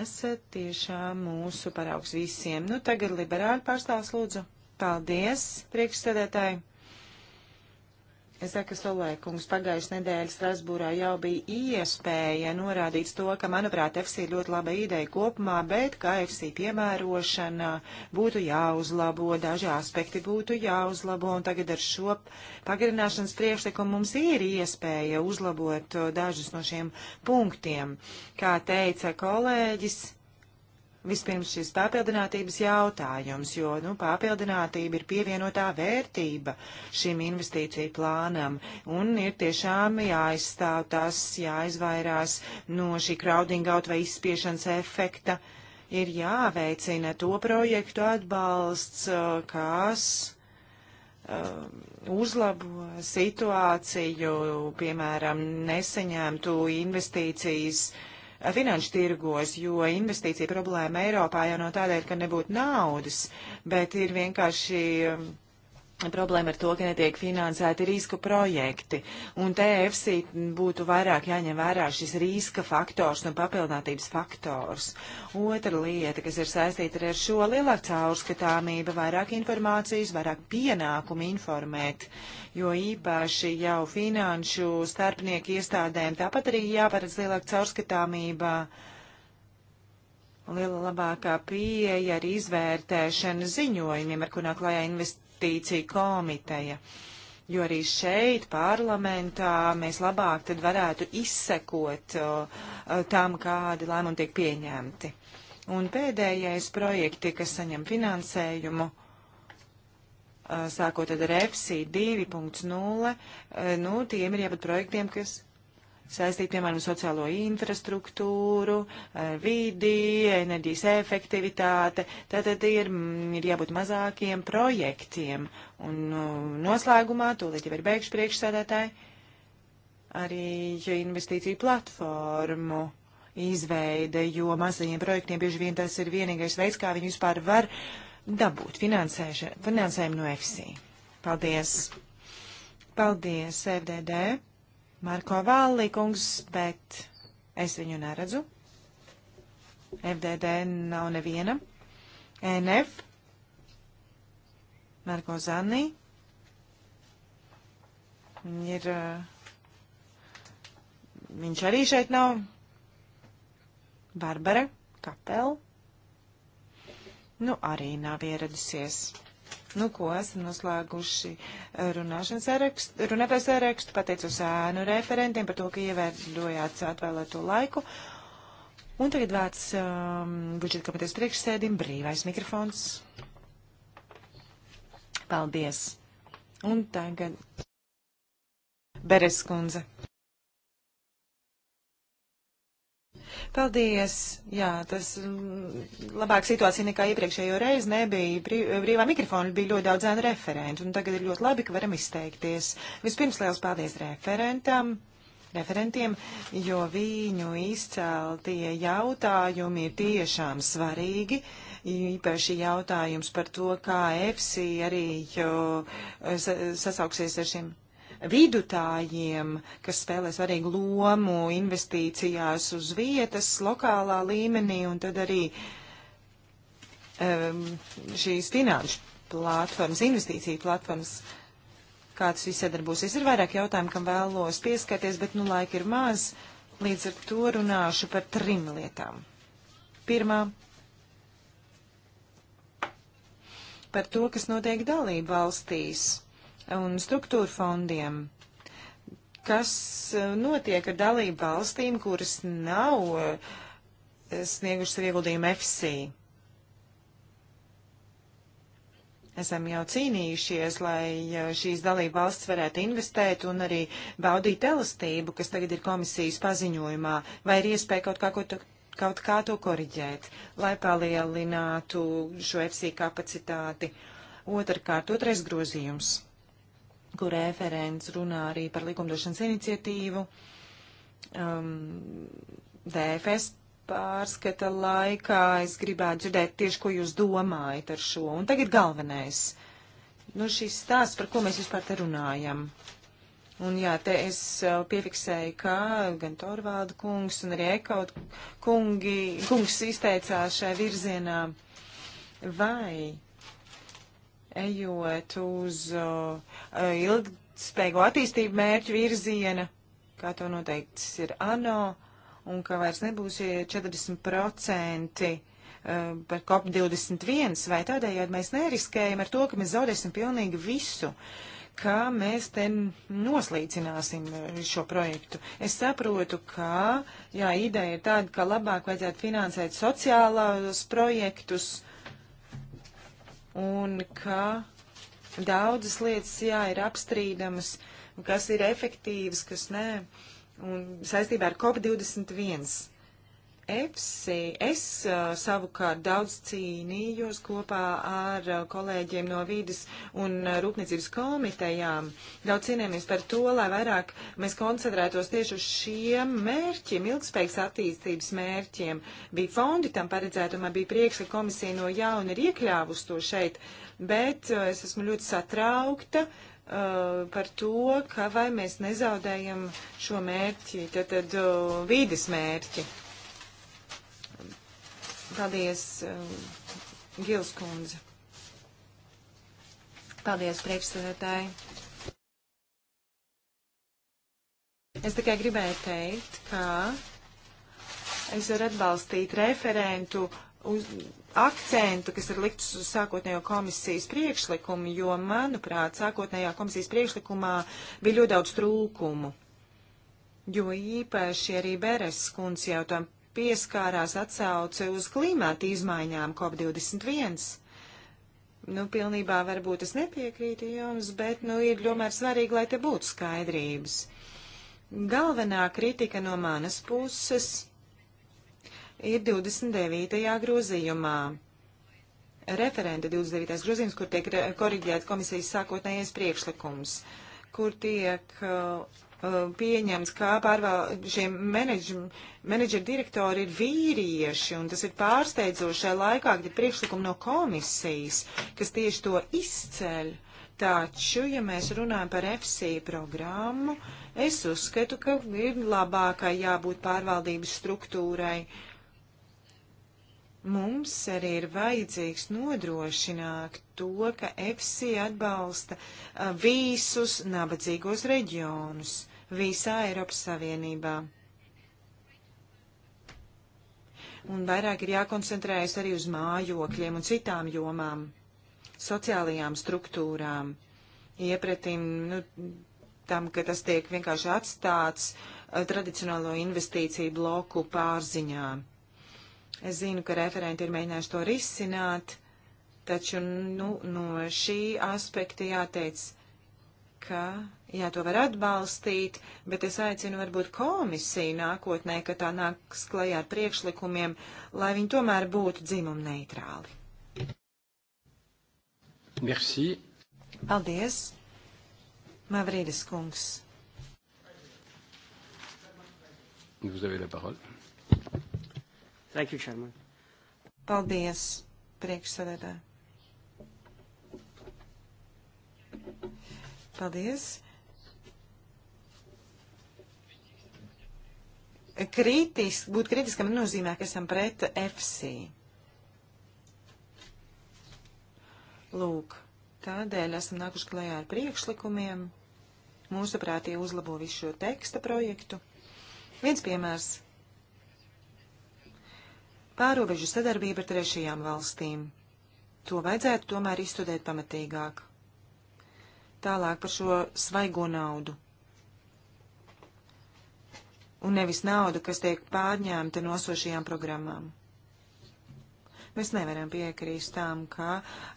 S3: Esat tiešām mūsu paraugs visiem. Nu, tagad liberāļu pārstāvs lūdzu. Paldies, priekšsēdētāji. Es saku, Solēkungs, pagājušajā nedēļā Strasbūrā jau bija iespēja norādīt to, ka, manuprāt, FC ir ļoti laba ideja kopumā, bet kā FC piemērošana būtu jāuzlabo, daži aspekti būtu jāuzlabo, un tagad ar šo pagarināšanas priekšlikumu mums ir iespēja uzlabot uh, dažus no šiem punktiem. Kā teica kolēģis, Vispirms šis papildinātības jautājums, jo nu, papildinātība ir pievienotā vērtība šim investīciju plānam un ir tiešām jāizstāv tas, jāizvairās no šī kraudingaut vai izspiešanas efekta. Ir jāveicina to projektu atbalsts, uh, kas uh, uzlabo situāciju, piemēram, neseņemtu investīcijas uh, finanšu tirgos, jo investīcija problēma Eiropā jau no tādēļ, ka nebūtu naudas, bet ir vienkārši um, Problēma ar to, ka netiek finansēti riska projekti, un te EFSI būtu vairāk jāņem vērā šis riska faktors un papildinātības faktors. Otra lieta, kas ir saistīta ar šo lielāku caurskatāmību, vairāk informācijas, vairāk pienākumu informēt, jo īpaši jau finanšu starpnieku iestādēm tāpat arī jāparedz lielāka caurskatāmība. Liela labākā pieeja ar izvērtēšanu ziņojumiem, ar ko nāk klājā invest petīciju komiteja. Jo arī šeit, parlamentā, mēs labāk tad varētu izsekot uh, tam, kādi lēmumi tiek pieņemti. Un pēdējais projekti, kas saņem finansējumu, uh, sākot tad ar FC 2.0, uh, nu, tiem ir jābūt projektiem, kas saistīt, piemēram, sociālo infrastruktūru, eh, vidi, enerģijas efektivitāte. Tātad ir, mm, ir jābūt mazākiem projektiem. Un nu, noslēgumā, tūlīt jau ir beigšu priekšsēdētāji, arī investīciju platformu izveide, jo mazajiem projektiem bieži vien tas ir vienīgais veids, kā viņi vispār var dabūt finansējumu no EFSI. Paldies! Paldies, FDD! Marko Vālīkungs, bet es viņu neredzu. FDD nav neviena. NF. Marko Zanī. Viņa ir. Eh, viņš arī šeit nav. Barbara Kapela. Nu, arī nav ieradusies. Nu, ko esam noslēguši runāšanas sarakstu, runātāju sarakstu, pateicos ēnu referentiem par to, ka ievērojāt atvēlēto laiku. Un tagad vārds um, budžeta komitejas priekšsēdim, brīvais mikrofons. Paldies. Un tagad Beres kundze. Paldies! Jā, tas mm, labāk situācija nekā iepriekšējo reizi nebija. Brīvā mikrofona bija ļoti daudz zēnu referentu, un tagad ir ļoti labi, ka varam izteikties. Vispirms liels paldies referentam, referentiem, jo viņu izceltie jautājumi ir tiešām svarīgi. Īpaši jautājums par to, kā EFSI arī sasauksies ar šiem vidutājiem, kas spēlē svarīgu lomu investīcijās uz vietas, lokālā līmenī un tad arī um, šīs finanšu platformas, investīciju platformas. Kā tas viss sadarbosies? Ir vairāk jautājumu, kam vēlos pieskarties, bet nu laika ir maz. Līdz ar to runāšu par trim lietām. Pirmā par to, kas notiek dalību valstīs un struktūra fondiem. Kas e, notiek ar dalību valstīm, kuras nav e, sniegušas savu ieguldījumu FSI? Esam jau cīnījušies, lai e, šīs dalība valsts varētu investēt un arī baudīt elastību, kas tagad ir komisijas paziņojumā, vai ir iespēja kaut kā, ko tu, kaut kā to koriģēt, lai palielinātu šo FC kapacitāti. Otrakārt, otrais grozījums kur referents runā arī par likumdošanas iniciatīvu. Um, DFS pārskata laikā es gribētu dzirdēt tieši, ko jūs domājat ar šo. Un tagad galvenais. Nu, šis stāsts, par ko mēs vispār te runājam. Un jā, te es uh, piefiksēju, ka gan Torvalda kungs un arī Ekaut kungi, kungs izteicās šai virzienā. Vai ejot uz uh, ilgspējīgo attīstību mērķu virziena, kā to noteikts ir ANO, un ka vairs nebūs 40% uh, par COP21, vai tādējādi mēs neriskējam ar to, ka mēs zaudēsim pilnīgi visu, kā mēs te noslīcināsim uh, šo projektu. Es saprotu, ka, jā, ideja ir tāda, ka labāk vajadzētu finansēt sociālos projektus, uh, un ka daudzas lietas, jā, ir apstrīdamas, kas ir efektīvas, kas nē, un saistībā ar COP21. EFSI. Es uh, savukārt daudz cīnījos kopā ar uh, kolēģiem no vīdes un uh, rūpniecības komitejām. Daudz cīnījāmies par to, lai vairāk mēs koncentrētos tieši uz šiem mērķiem, ilgspējīgas attīstības mērķiem. Bija fondi tam paredzēti, un man bija prieks, ka komisija no jauna ir iekļāvusi to šeit, bet es esmu ļoti satraukta Uh, par to, ka vai mēs nezaudējam šo mērķi, tad, tad uh, vīdes mērķi. Paldies, um, Gils kundze. Paldies, priekšsēdētāji. Es tikai gribēju teikt, ka es varu atbalstīt referentu uz akcentu, kas ir likts uz sākotnējo komisijas priekšlikumu, jo, manuprāt, sākotnējā komisijas priekšlikumā bija ļoti daudz trūkumu. Jo īpaši arī Beres kundze jau tam pieskārās atsauce uz klimāta izmaiņām COP21. Nu, pilnībā varbūt es nepiekrītu jums, bet, nu, ir ļoti svarīgi, lai te būtu skaidrības. Galvenā kritika no manas puses ir 29. grozījumā. Referenta 29. grozījums, kur tiek koriģēts komisijas sākotnējais priekšlikums, kur tiek uh, Uh, pieņemts, kā pārval, šie menedžeri direktori ir vīrieši, un tas ir pārsteidzošai laikā, kad ir priekšlikumi no komisijas, kas tieši to izceļ. Taču, ja mēs runājam par FCI programmu, es uzskatu, ka ir labākai jābūt pārvaldības struktūrai. Mums arī ir vajadzīgs nodrošināt to, ka FCI atbalsta uh, visus nabadzīgos reģionus visā Eiropas Savienībā. Un vairāk ir jākoncentrējas arī uz mājokļiem un citām jomām, sociālajām struktūrām, iepratīm nu, tam, ka tas tiek vienkārši atstāts uh, tradicionālo investīciju bloku pārziņā. Es zinu, ka referenti ir mēģinājuši to risināt, taču nu, no šī aspekta jāteic, ka, jā, to var atbalstīt, bet es aicinu varbūt komisiju nākotnē, ka tā nāks klajā ar priekšlikumiem, lai viņi tomēr būtu dzimumu neitrāli. Merci. Paldies. Mavrīdis kungs.
S1: Vous avez la parole. Thank you, Chairman.
S3: Paldies, priekšsēdētāji. Paldies. Kritis, būt kritiskam nenozīmē, ka esam pret FC. Lūk, tādēļ esam nākuši klajā ar priekšlikumiem. Mūsuprāt, tie uzlabo visu šo teksta projektu. Viens piemērs pārobežu sadarbība ar trešajām valstīm. To vajadzētu tomēr izstudēt pamatīgāk. Tālāk par šo svaigo naudu. Un nevis naudu, kas tiek pārņēmta no sošajām programmām. Mēs nevaram piekrīst tām, kā,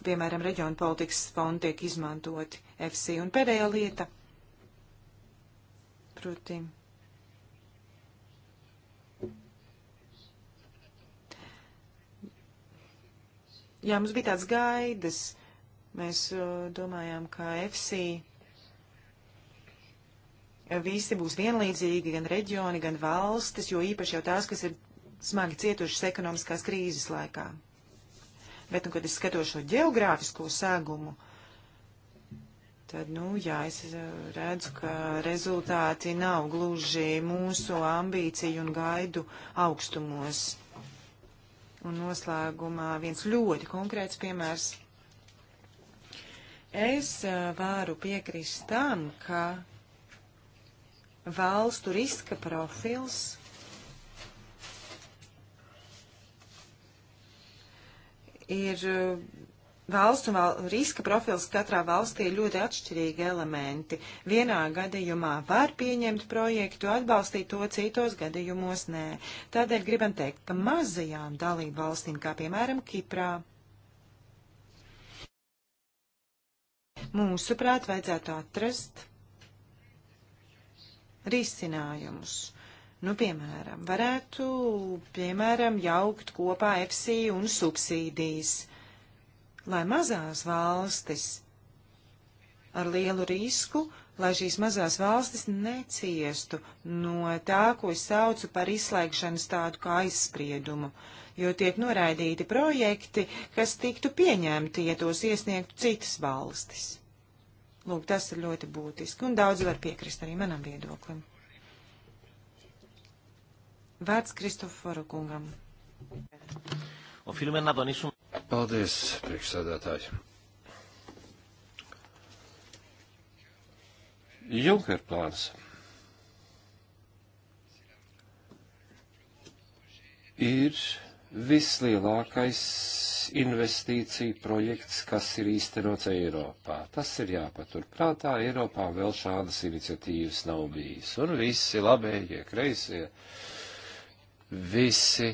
S3: piemēram, reģiona politikas fondi tiek izmantoti FC. Un pēdējā lieta. Proti. Jā, mums bija tāds gaidas Mēs uh, domājām, ka FC visi būs vienlīdzīgi, gan reģioni, gan valstis, jo īpaši jau tās, kas ir smagi cietušas ekonomiskās krīzes laikā. Bet, nu, kad es skatos šo geogrāfisko sēgumu, tad, nu, jā, es uh, redzu, ka rezultāti nav gluži mūsu ambīciju un gaidu augstumos. Un noslēgumā viens ļoti konkrēts piemērs Es eh, varu piekrist tam, ka valstu riska profils ir eh, valstu val, riska profils katrā valstī ir ļoti atšķirīgi elementi. Vienā gadījumā var pieņemt projektu, atbalstīt to, citos gadījumos nē. Tādēļ gribam teikt, ka mazajām dalību valstīm, kā piemēram Kiprā, Mūsuprāt, vajadzētu atrast risinājumus. Nu, piemēram, varētu, piemēram, jaukt kopā EFSI un subsīdijas, lai mazās valstis ar lielu risku lai šīs mazās valstis neciestu no tā, ko es saucu par izslēgšanas tādu kā aizspriedumu jo tiek noraidīti projekti, kas tiktu pieņemti, ja tos iesniegtu citas valstis. Lūk, tas ir ļoti būtiski, un daudz var piekrist arī manam viedoklim. Vārds Kristoforu kungam.
S1: Paldies, priekšsādātāji. Junker plāns ir vislielākais investīcija projekts, kas ir īstenots Eiropā. Tas ir jāpaturprātā. Eiropā vēl šādas iniciatīvas nav bijis. Un visi labējie, kreisie, visi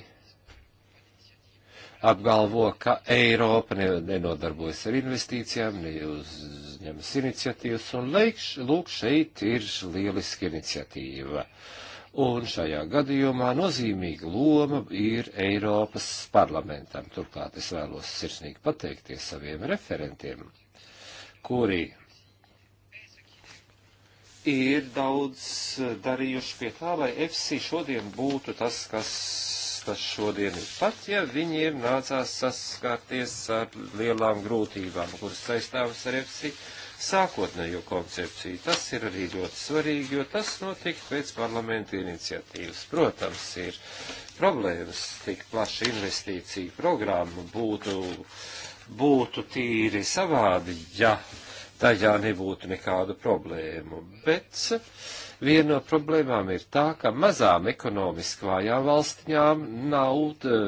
S1: apgalvo, ka Eiropa nenodarbojas ar investīcijām, neuzņemas iniciatīvas, un lūk, šeit ir lieliska iniciatīva. Uh, un šajā gadījumā nozīmīga loma ir Eiropas parlamentam. Turklāt es vēlos sirsnīgi pateikties saviem referentiem, kuri ir daudz darījuši pie tā, lai FC šodien būtu tas, kas tas šodien ir. Pat ja viņiem nācās saskarties ar lielām grūtībām, kuras saistāmas ar FC, sākotnējo koncepciju. Tas ir arī ļoti svarīgi, jo tas notika pēc parlamenta iniciatīvas. Protams, ir problēmas tik plaša investīcija programma būtu, būtu tīri savādi, ja tajā nebūtu nekādu problēmu. Bet Viena no problēmām ir tā, ka mazām ekonomiskajām valstiņām nav e,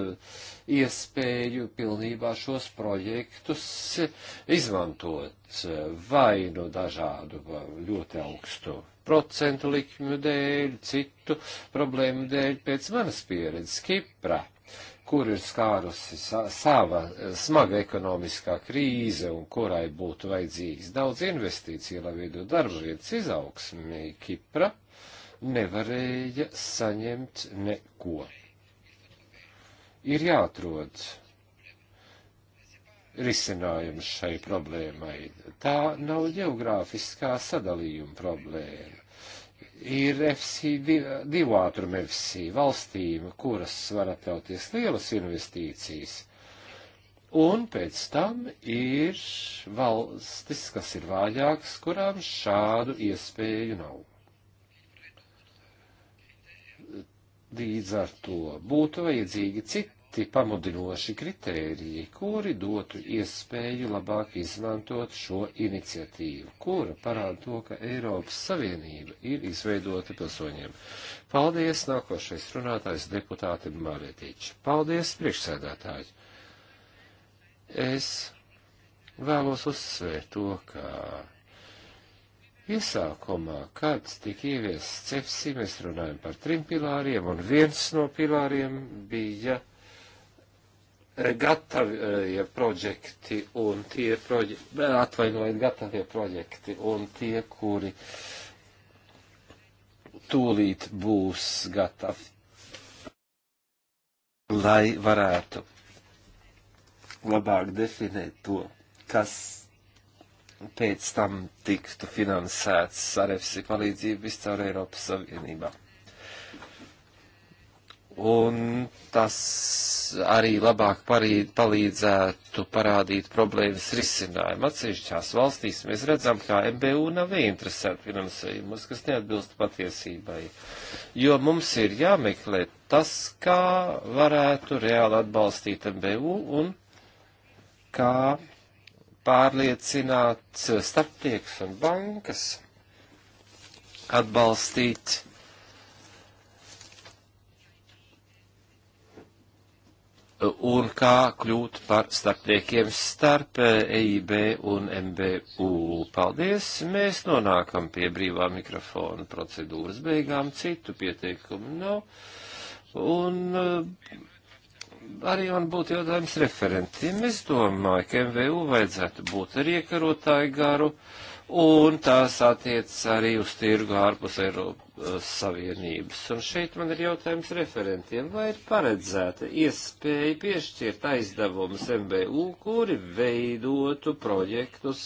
S1: iespēju pilnībā šos projektus izmantot e, vai no nu dažādu e, ļoti augstu procentu likmju dēļ, citu problēmu dēļ pēc manas pieredzes Kipra kur ir skārusi sa sava smaga ekonomiskā krīze un kurai būtu vajadzīgs daudz investīciju, lai veido darbvietas izaugsmī, Kipra nevarēja saņemt neko. Ir jāatrod risinājums šai problēmai. Tā nav geogrāfiskā sadalījuma problēma ir FC divu ātrumu FC valstīm, kuras var atļauties lielas investīcijas. Un pēc tam ir valstis, kas ir vājākas, kurām šādu iespēju nav. Līdz ar to būtu vajadzīgi citi citi pamudinoši kritēriji, kuri dotu iespēju labāk izmantot šo iniciatīvu, kura parāda to, ka Eiropas Savienība ir izveidota pilsoņiem. Paldies, nākošais runātājs deputāti Mārētīči. Paldies, priekšsēdētāji. Es vēlos uzsvērt to, ka Iesākumā, kad tika ieviests cepsi, mēs runājam par trim pilāriem, un viens no pilāriem bija gatavie eh, projekti un tie projekti, eh, atvainojiet, gatavie projekti un tie, kuri tūlīt būs gatavi, lai varētu labāk definēt to, kas pēc tam tiktu finansēts ar EFSI palīdzību viscaur Eiropas Savienībā un tas arī labāk parīd, palīdzētu parādīt problēmas risinājumu. Atsevišķās valstīs mēs redzam, kā MBU nav ieinteresēta finansējumus, kas neatbilst patiesībai, jo mums ir jāmeklē tas, kā varētu reāli atbalstīt MBU un kā pārliecināt starptieks un bankas atbalstīt un kā kļūt par starpniekiem starp EIB eh, e un MBU. Paldies! Mēs nonākam pie brīvā mikrofona procedūras beigām, citu pieteikumu nav. Un eh, arī man būtu jautājums referentiem. Es domāju, ka MVU vajadzētu būt ar iekarotāju garu. Uh, un tās attiecas arī uz tirgu ārpus Eiropas Savienības. Un šeit man ir jautājums referentiem, vai ir paredzēta iespēja piešķirt aizdevumus MBU, kuri veidotu projektus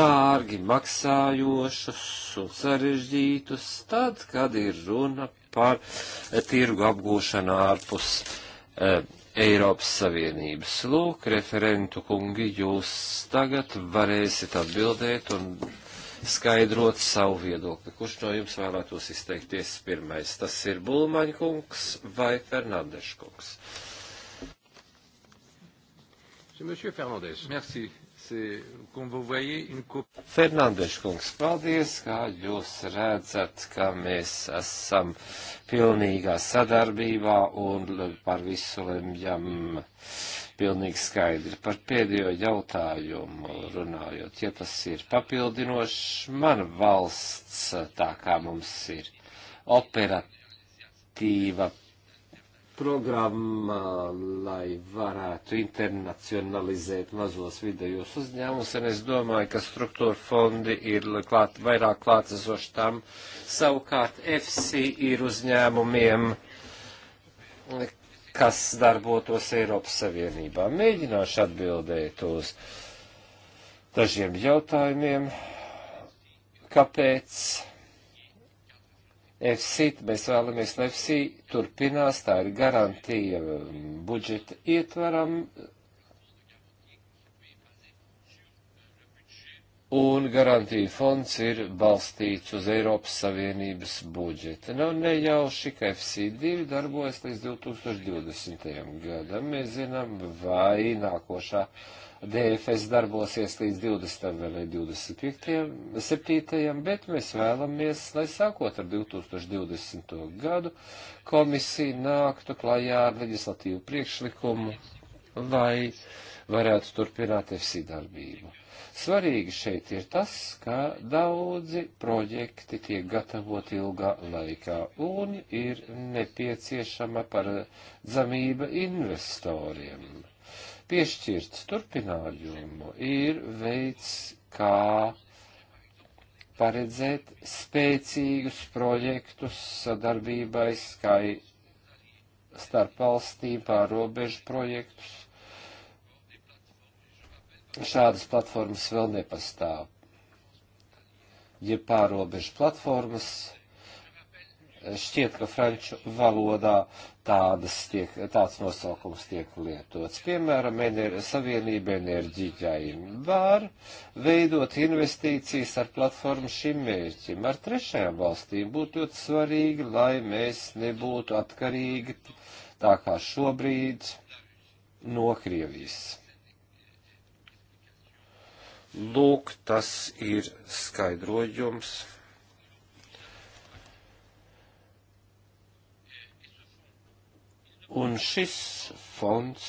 S1: dārgi maksājošus un sarežģītus, tad, kad ir runa par tirgu apgūšanu ārpus e, Eiropas Savienības. Lūk, referentu kungi, jūs tagad varēsiet atbildēt un skaidrot savu viedokli. Kurš no jums vēlētos izteikties pirmais? Tas ir Bulmaņa kungs vai Fernandeša kungs? Monsieur Fernandes. Merci. Fernandeša kungs, paldies, kā jūs redzat, ka mēs esam pilnīgā sadarbībā un par visu lemjam pilnīgi skaidri. Par pēdējo jautājumu runājot, ja tas ir papildinošs, man valsts, tā kā mums ir operatīva programmā, lai varētu internacionalizēt mazos vidējos uzņēmumus, un es domāju, ka struktūra fondi ir klāt, vairāk klātesoši tam. Savukārt FC ir uzņēmumiem, kas darbotos Eiropas Savienībā. Mēģināšu atbildēt uz dažiem jautājumiem. Kāpēc? EFSIT, mēs vēlamies, lai EFSI turpinās, tā ir garantija um, budžeta ietvaram un garantija fonds ir balstīts uz Eiropas Savienības budžeta. Nav nejauši, ka FC2 darbojas līdz 2020. gadam. Mēs zinām, vai nākošā DFS darbosies līdz 20. vai 25. 7. bet mēs vēlamies, lai sākot ar 2020. gadu komisija nāktu klajā ar leģislatīvu priekšlikumu, lai varētu turpināt FC darbību Svarīgi šeit ir tas, ka daudzi projekti tiek gatavoti ilgā laikā un ir nepieciešama paredzamība investoriem. Piešķirt turpinājumu ir veids, kā paredzēt spēcīgus projektus sadarbībai skai starp valstīm pārobežu projektus šādas platformas vēl nepastāv. Ja pārobežu platformas, šķiet, ka franču valodā tādas tiek, tāds nosaukums tiek lietots. Piemēram, ener savienība enerģiķai var veidot investīcijas ar platformu šim mērķim. Ar trešajām valstīm būtu ļoti svarīgi, lai mēs nebūtu atkarīgi tā kā šobrīd no Krievijas. Lūk, tas ir skaidrojums. Un šis fonds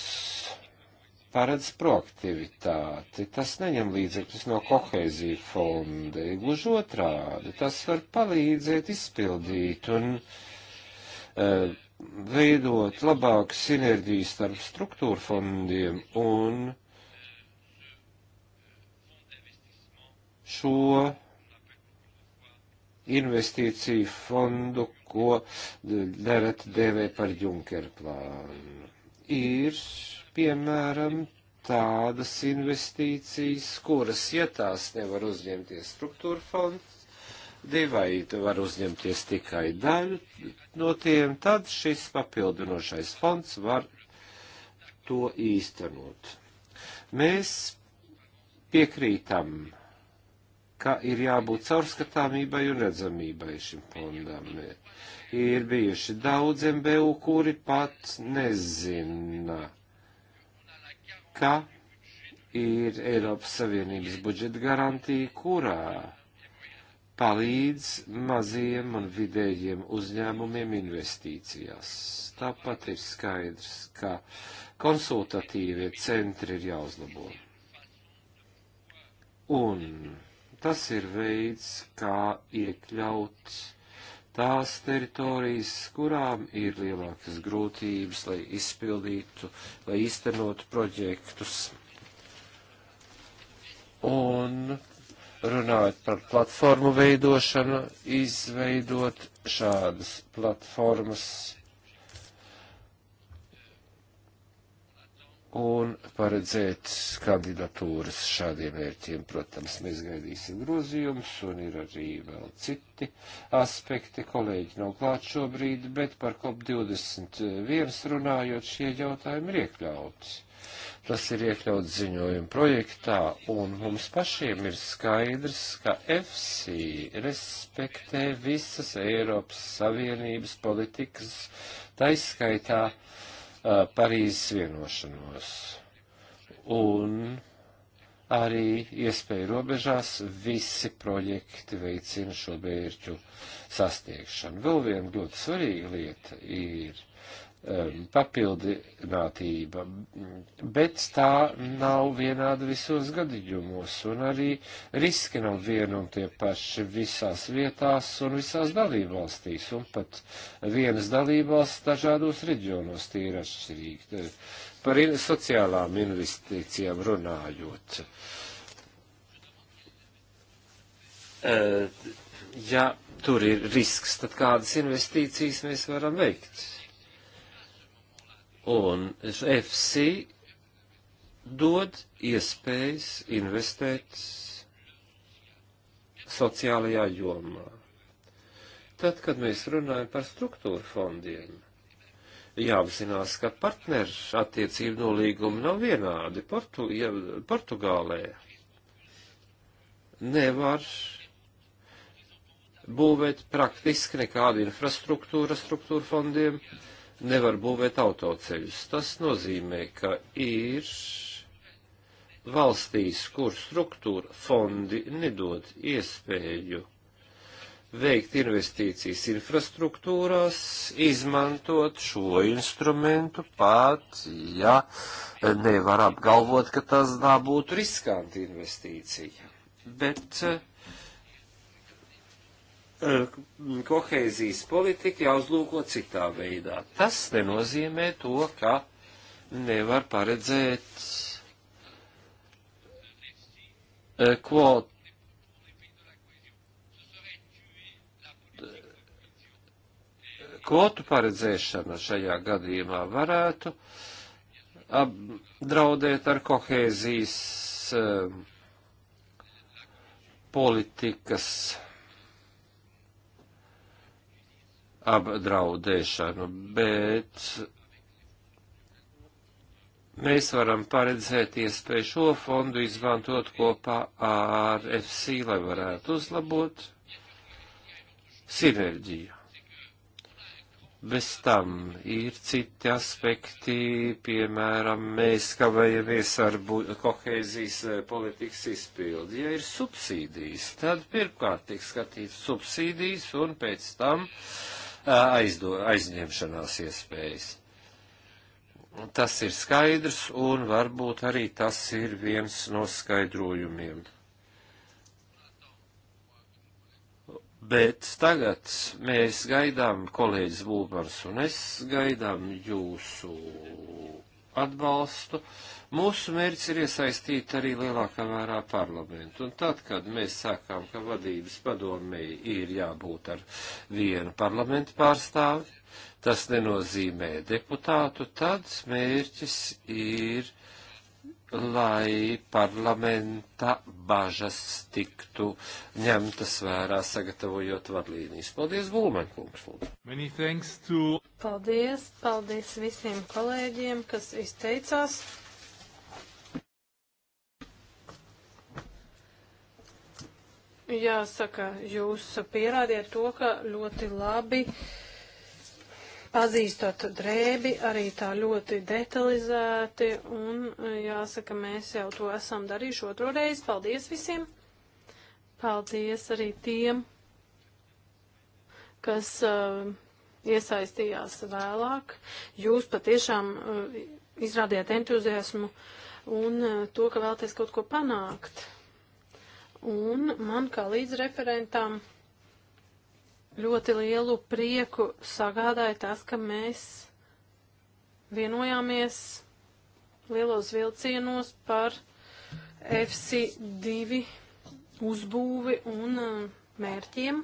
S1: paredz proaktivitāti. Tas neņem līdzekļus no kohēzija fonda. Gluži otrādi, tas var palīdzēt izpildīt un uh, veidot labāku sinerģiju starp struktūra fondiem un šo investīciju fondu, ko nereti dēvē par Junker plānu. Ir, piemēram, tādas investīcijas, kuras, ja tās nevar uzņemties struktūra fonds, divai var uzņemties tikai daļu no tiem, tad šis papildinošais fonds var to īstenot. Mēs piekrītam ka ir jābūt caurskatāmībai un redzamībai šim fondam. Ir bijuši daudz MBU, kuri pat nezina, ka ir Eiropas Savienības budžeta garantija, kurā palīdz maziem un vidējiem uzņēmumiem investīcijās. Tāpat ir skaidrs, ka konsultatīvie centri ir jāuzlabo. Un tas ir veids, kā iekļaut tās teritorijas, kurām ir lielākas grūtības, lai izpildītu, lai īstenotu projektus. Un runājot par platformu veidošanu, izveidot šādas platformas un paredzēt kandidatūras šādiem mērķiem. Protams, mēs gaidīsim grozījumus, un ir arī vēl citi aspekti. Kolēģi nav klāt šobrīd, bet par COP21 runājot, šie jautājumi ir iekļauti. Tas ir iekļauts ziņojuma projektā, un mums pašiem ir skaidrs, ka FC respektē visas Eiropas Savienības politikas, taiskaitā. skaitā Parīzes vienošanos. Un arī iespēju robežās visi projekti veicina šo mērķu sasniegšanu. Vēl viena ļoti svarīga lieta ir Um, papildinātība, bet tā nav vienāda visos gadījumos, un arī riski nav vienu un tie paši visās vietās un visās dalībvalstīs, un pat vienas dalībvalsts dažādos reģionos tie ir atšķirīgi. Par in sociālām investīcijām runājot. Uh, ja tur ir risks, tad kādas investīcijas mēs varam veikt? Un FC dod iespējas investēt sociālajā jomā. Tad, kad mēs runājam par struktūru fondiem, jāapzinās, ka partneru attiecību nolīgumi nav vienādi. Portu, ja, Portugālē nevar būvēt praktiski nekādu infrastruktūru struktūru fondiem. Uh, nevar būvēt autoceļus. Tas nozīmē, ka ir valstīs, kur struktūra fondi nedod iespēju veikt investīcijas infrastruktūrās, izmantot šo instrumentu pat, ja nevar apgalvot, ka tas tā būtu riskanti investīcija. Bet uh, Eh, kohēzijas politika jāuzlūko citā veidā. Tas nenozīmē to, ka nevar paredzēt eh, kvot, kvotu paredzēšana šajā gadījumā varētu apdraudēt ar kohēzijas eh, politikas apdraudēšanu, bet mēs varam paredzēt iespēju šo fondu izmantot kopā ar FC, lai varētu uzlabot sinerģiju. Bez tam ir citi aspekti, piemēram, mēs kavējamies ar kohēzijas eh, politikas izpildi. Ja ir subsīdijas, tad pirmkārt tiek skatīts subsīdijas un pēc tam uh, aizdo, aizņemšanās iespējas. Tas ir skaidrs, un varbūt arī tas ir viens no skaidrojumiem. Bet tagad mēs gaidām, kolēģis Būbars un es gaidām jūsu atbalstu. Uh, Mūsu mērķis ir iesaistīt arī lielākā mērā parlamentu, un tad, kad mēs sākām, ka vadības padomē ir jābūt ar vienu parlamentu pārstāvi, tas nenozīmē deputātu, tad mērķis ir lai parlamenta bažas tiktu ņemtas vērā, sagatavojot vadlīnijas. Paldies, Bulmaņkungs! To...
S2: Paldies, paldies visiem kolēģiem, kas izteicās. Jāsaka, jūs pierādījāt to, ka ļoti labi pazīstot drēbi, arī tā ļoti detalizēti, un jāsaka, mēs jau to esam darījuši otro reizi. Paldies visiem! Paldies arī tiem, kas uh, iesaistījās vēlāk. Jūs patiešām uh, izrādījāt entuziasmu un uh, to, ka vēlaties kaut ko panākt un man kā līdzreferentam ļoti lielu prieku sagādāja tas, ka mēs vienojāmies lielos vilcienos par FC2 uzbūvi un uh, mērķiem.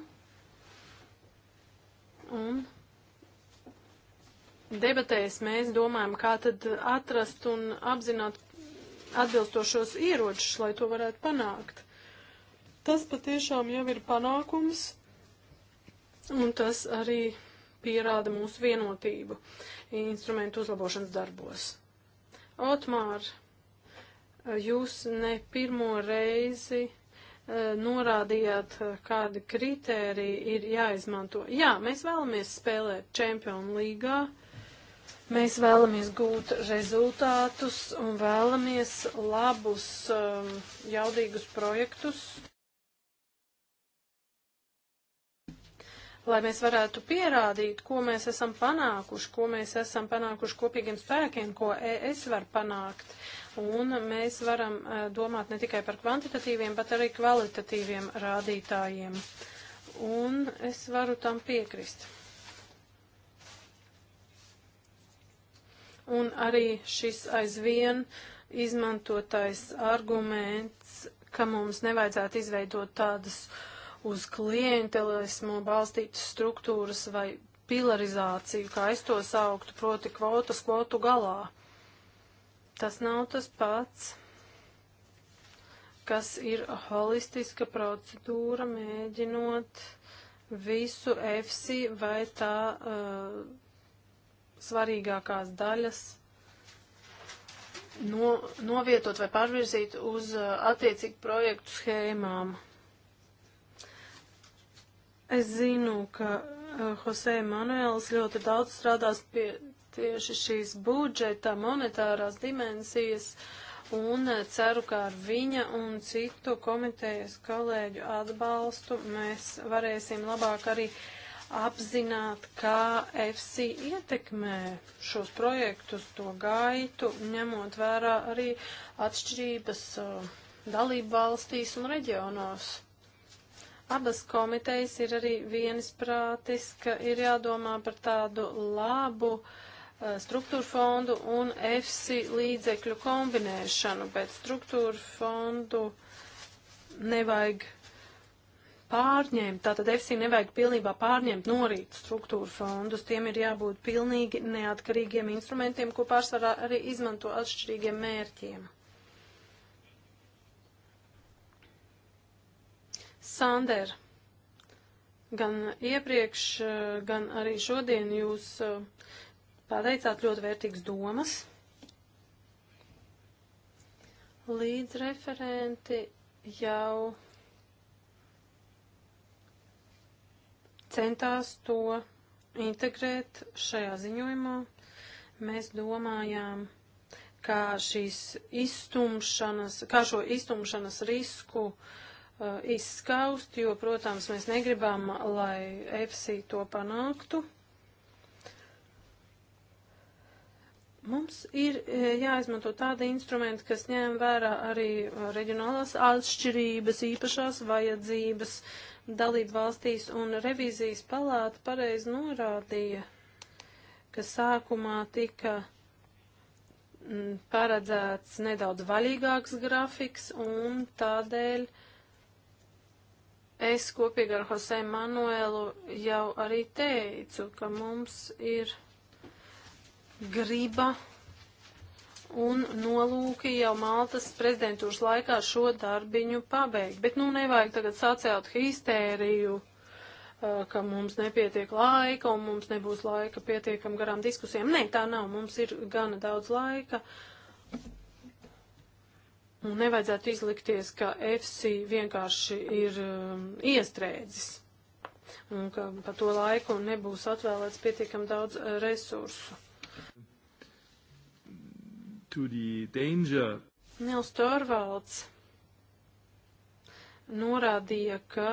S2: Un debatēs mēs domājam, kā tad atrast un apzināt atbilstošos ieročus, lai to varētu panākt. Tas patiešām jau ir panākums, un tas arī pierāda mūsu vienotību instrumentu uzlabošanas darbos. Otmār, jūs ne pirmo reizi e, norādījāt, kādi kriteriji ir jāizmanto. Jā, mēs vēlamies spēlēt Čempionu līgā, mēs vēlamies gūt rezultātus un vēlamies labus, um, jaudīgus projektus. lai mēs varētu pierādīt, ko mēs esam panākuši, ko mēs esam panākuši kopīgiem spēkiem, ko ES var panākt. Un mēs varam e, domāt ne tikai par kvantitatīviem, bet arī kvalitatīviem rādītājiem. Un es varu tam piekrist. Un arī šis aizvien izmantotais arguments, ka mums nevajadzētu izveidot tādas uh, uz klientelismu balstītas struktūras vai pilarizāciju, kā es to sauktu, proti kvotas kvotu galā. Tas nav tas pats, kas ir holistiska procedūra, mēģinot visu EFSI vai tā uh, svarīgākās daļas no, novietot vai pārvirzīt uz uh, attiecīgu projektu schēmām. Es zinu, ka eh, Jose Manuels ļoti daudz strādās pie tieši šīs budžeta monetārās dimensijas un eh, ceru, ka ar viņa un citu komitejas kolēģu atbalstu mēs varēsim labāk arī apzināt, kā FC ietekmē šos projektus, to gaitu, ņemot vērā arī atšķirības eh, dalību valstīs un reģionos. Abas komitejas ir arī vienisprātis, ka ir jādomā par tādu labu eh, struktūru fondu un EFSI līdzekļu kombinēšanu, bet struktūru fondu nevajag pārņemt, tātad EFSI nevajag pilnībā pārņemt norīt struktūru fondus, tiem ir jābūt pilnīgi neatkarīgiem instrumentiem, ko pārsvarā arī izmanto atšķirīgiem mērķiem. Sander, gan iepriekš, gan arī šodien jūs eh, pateicāt ļoti vērtīgas domas. Līdzreferenti jau centās to integrēt šajā ziņojumā. Mēs domājām, kā, izstumšanas, kā šo izstumšanas risku uh, Uh, izskaust, jo, protams, mēs negribam, lai EFSI to panāktu. Mums ir uh, jāizmanto tādi instrumenti, kas ņem vērā arī uh, reģionālās atšķirības, īpašās vajadzības dalību valstīs, un revīzijas palāta pareizi norādīja, ka sākumā tika mm, paredzēts nedaudz vaļīgāks grafiks, un tādēļ uh, Es kopīgi ar Jose Manuelu jau arī teicu, ka mums ir griba un nolūki jau Maltas prezidentūras laikā šo darbiņu pabeigt. Bet nu nevajag tagad sacelt histēriju, ka mums nepietiek laika un mums nebūs laika pietiekam garām diskusijām. Nē, tā nav. Mums ir gana daudz laika. Uh, Un nevajadzētu izlikties, ka FC vienkārši ir um, iestrēdzis un ka pa to laiku nebūs atvēlēts pietiekam daudz uh, resursu.
S3: Nils
S2: Torvalds norādīja, ka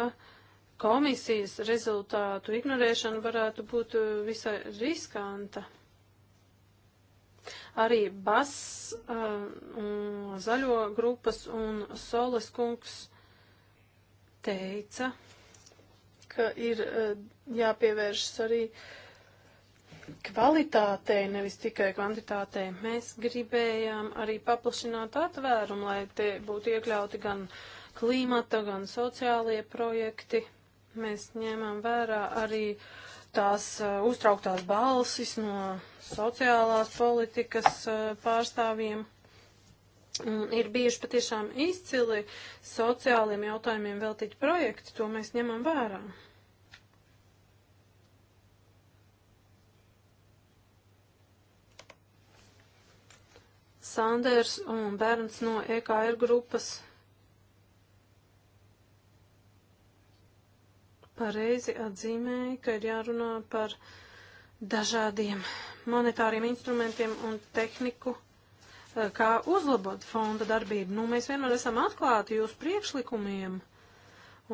S2: komisijas rezultātu ignorēšana varētu būt uh, visai riskanta. Arī Bass uh, un Zaļo grupas un Soles kungs teica, ka ir uh, jāpievēršas arī kvalitātei, nevis tikai kvantitātei. Mēs gribējām arī paplašināt atvērumu, lai te būtu iekļauti gan klimata, gan sociālie projekti. Mēs ņēmām vērā arī uh, tās uztrauktās balsis no sociālās politikas pārstāvjiem mm, ir bijuši patiešām izcili sociāliem jautājumiem veltīti projekti, to mēs ņemam vērā. Sanders un Bērns no EKR grupas pareizi atzīmēja, ka ir jārunā par dažādiem monetāriem instrumentiem un tehniku, eh, kā uzlabot fonda darbību. Nu, mēs vienmēr esam atklāti jūsu priekšlikumiem,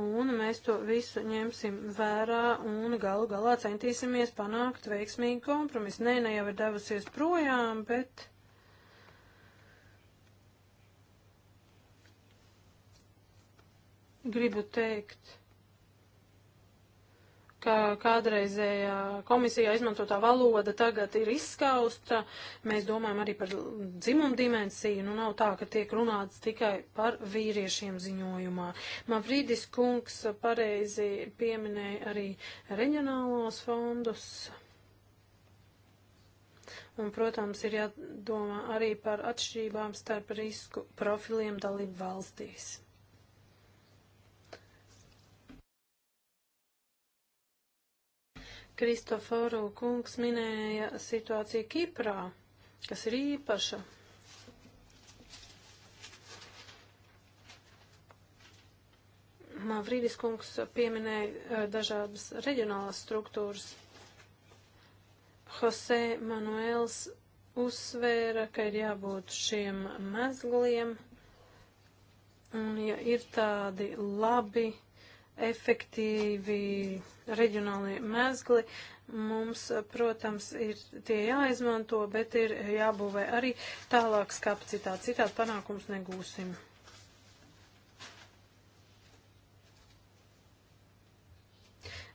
S2: un mēs to visu ņemsim vērā un galu galā centīsimies panākt veiksmīgu kompromisu. Nē, ne jau ir devusies projām, bet. Gribu teikt ka kādreizējā komisijā izmantotā valoda tagad ir izskausta. Mēs domājam arī par dzimumu dimensiju. Nu, nav tā, ka tiek runāts tikai par vīriešiem ziņojumā. Mavrīdis kungs pareizi pieminēja arī reģionālos fondus. Un, protams, ir jādomā arī par atšķirībām starp risku profiliem dalību valstīs. Kristoforu kungs minēja situāciju Kiprā, kas ir īpaša. Mavrīdis kungs pieminēja eh, dažādas reģionālās struktūras. Jose Manuels uzsvēra, ka ir jābūt šiem mezgliem, un ja ir tādi labi efektīvi reģionālie mezgli. Mums, protams, ir tie jāizmanto, bet ir jābūvē arī tālākas kapacitātes. Citādi panākums negūsim.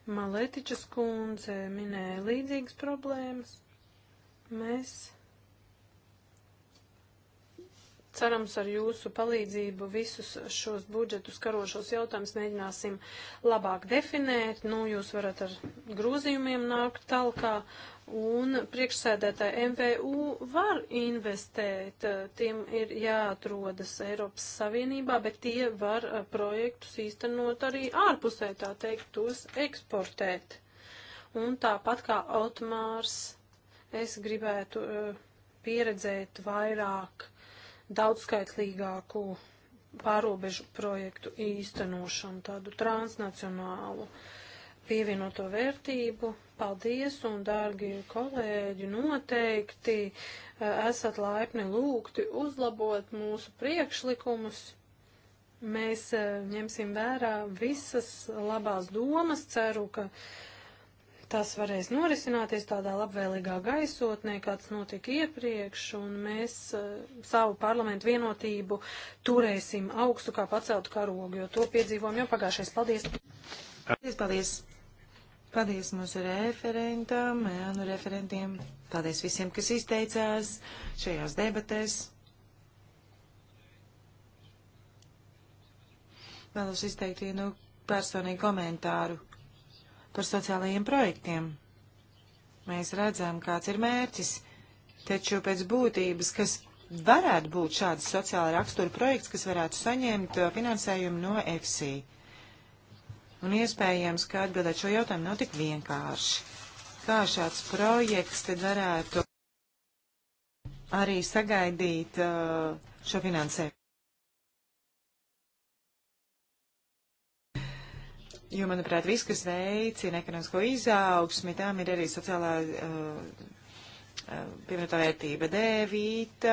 S2: Maletičas kundze minēja līdzīgas problēmas. Mēs Cerams, ar jūsu palīdzību visus šos budžetus karošos jautājumus mēģināsim labāk definēt. Nu, jūs varat ar grozījumiem nākt talkā. Un priekšsēdētāji MVU var investēt, tiem ir jāatrodas Eiropas Savienībā, bet tie var eh, projektus īstenot arī ārpusē, tā teikt, tos eksportēt. Un tāpat kā Otmārs, es gribētu uh, pieredzēt vairāk daudzskaitlīgāku pārobežu projektu īstenošanu, tādu transnacionālu pievienoto vērtību. Paldies un, dārgie kolēģi, noteikti eh, esat laipni lūgti uzlabot mūsu priekšlikumus. Mēs eh, ņemsim vērā visas labās domas, ceru, ka uh, tas varēs norisināties tādā labvēlīgā gaisotnē, kāds notika iepriekš, un mēs uh, savu parlamentu vienotību turēsim augstu kā paceltu karogu, jo to piedzīvojam jau pagājušais.
S3: Paldies! Paldies, paldies! Paldies mūsu referentam, ēnu referentiem. Paldies visiem, kas izteicās šajās debatēs. Vēlos izteikt vienu personīgu komentāru par sociālajiem projektiem. Mēs redzam, kāds ir mērķis, taču pēc būtības, kas varētu būt šāds sociāla rakstura projekts, kas varētu saņemt uh, finansējumu no EFSI. Un iespējams, ka atbildēt šo jautājumu nav tik vienkārši. Kā šāds projekts tad varētu arī sagaidīt uh, šo finansējumu? Jo, manuprāt, viss, kas veicina ekonomisko izaugsmi, tām ir arī sociālā uh, uh pievienotā vērtība 9.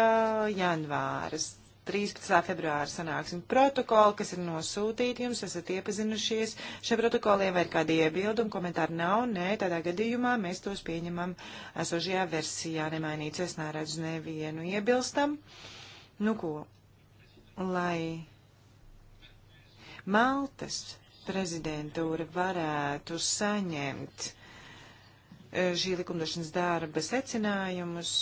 S3: janvāras. 13. februāra sanāksim protokolu, kas ir nosūtīti jums, esat iepazinušies. Šie protokoliem vai ir kādi iebildumi, komentāri nav, nē, tādā gadījumā mēs tos pieņemam esošajā versijā nemainīts. Es neredzu nevienu iebilstam. Nu ko, lai Maltas prezidentūra varētu saņemt e, šī likumdošanas darba secinājumus.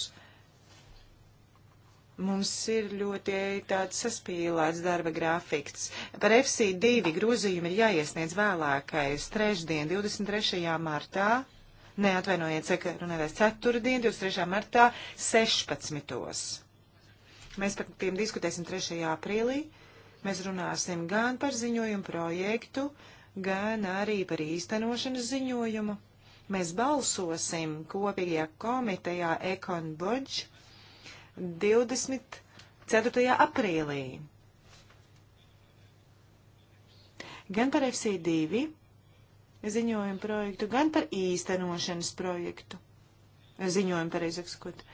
S3: Mums ir ļoti tāds saspīlēts darba grafiks. Par FC2 grozījumu ir jāiesniedz vēlākais trešdien, 23. martā. Neatvainojiet, saka runātājs ceturtdien, 23. martā, 16. Mēs par tiem diskutēsim 3. aprīlī. Uh, Mēs runāsim gan par ziņojumu projektu, gan arī par īstenošanas ziņojumu. Mēs balsosim kopīgajā komitejā Ekon Budž 24. aprīlī. gan par FC2 ziņojumu projektu, gan par īstenošanas projektu ziņojumu, pareizāk sakot.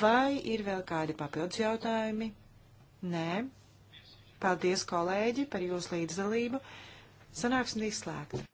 S3: Vai ir vēl kādi papildus jautājumi? Nē. Paldies, kolēģi, par jūsu līdzdalību. Sanāksme izslēgta.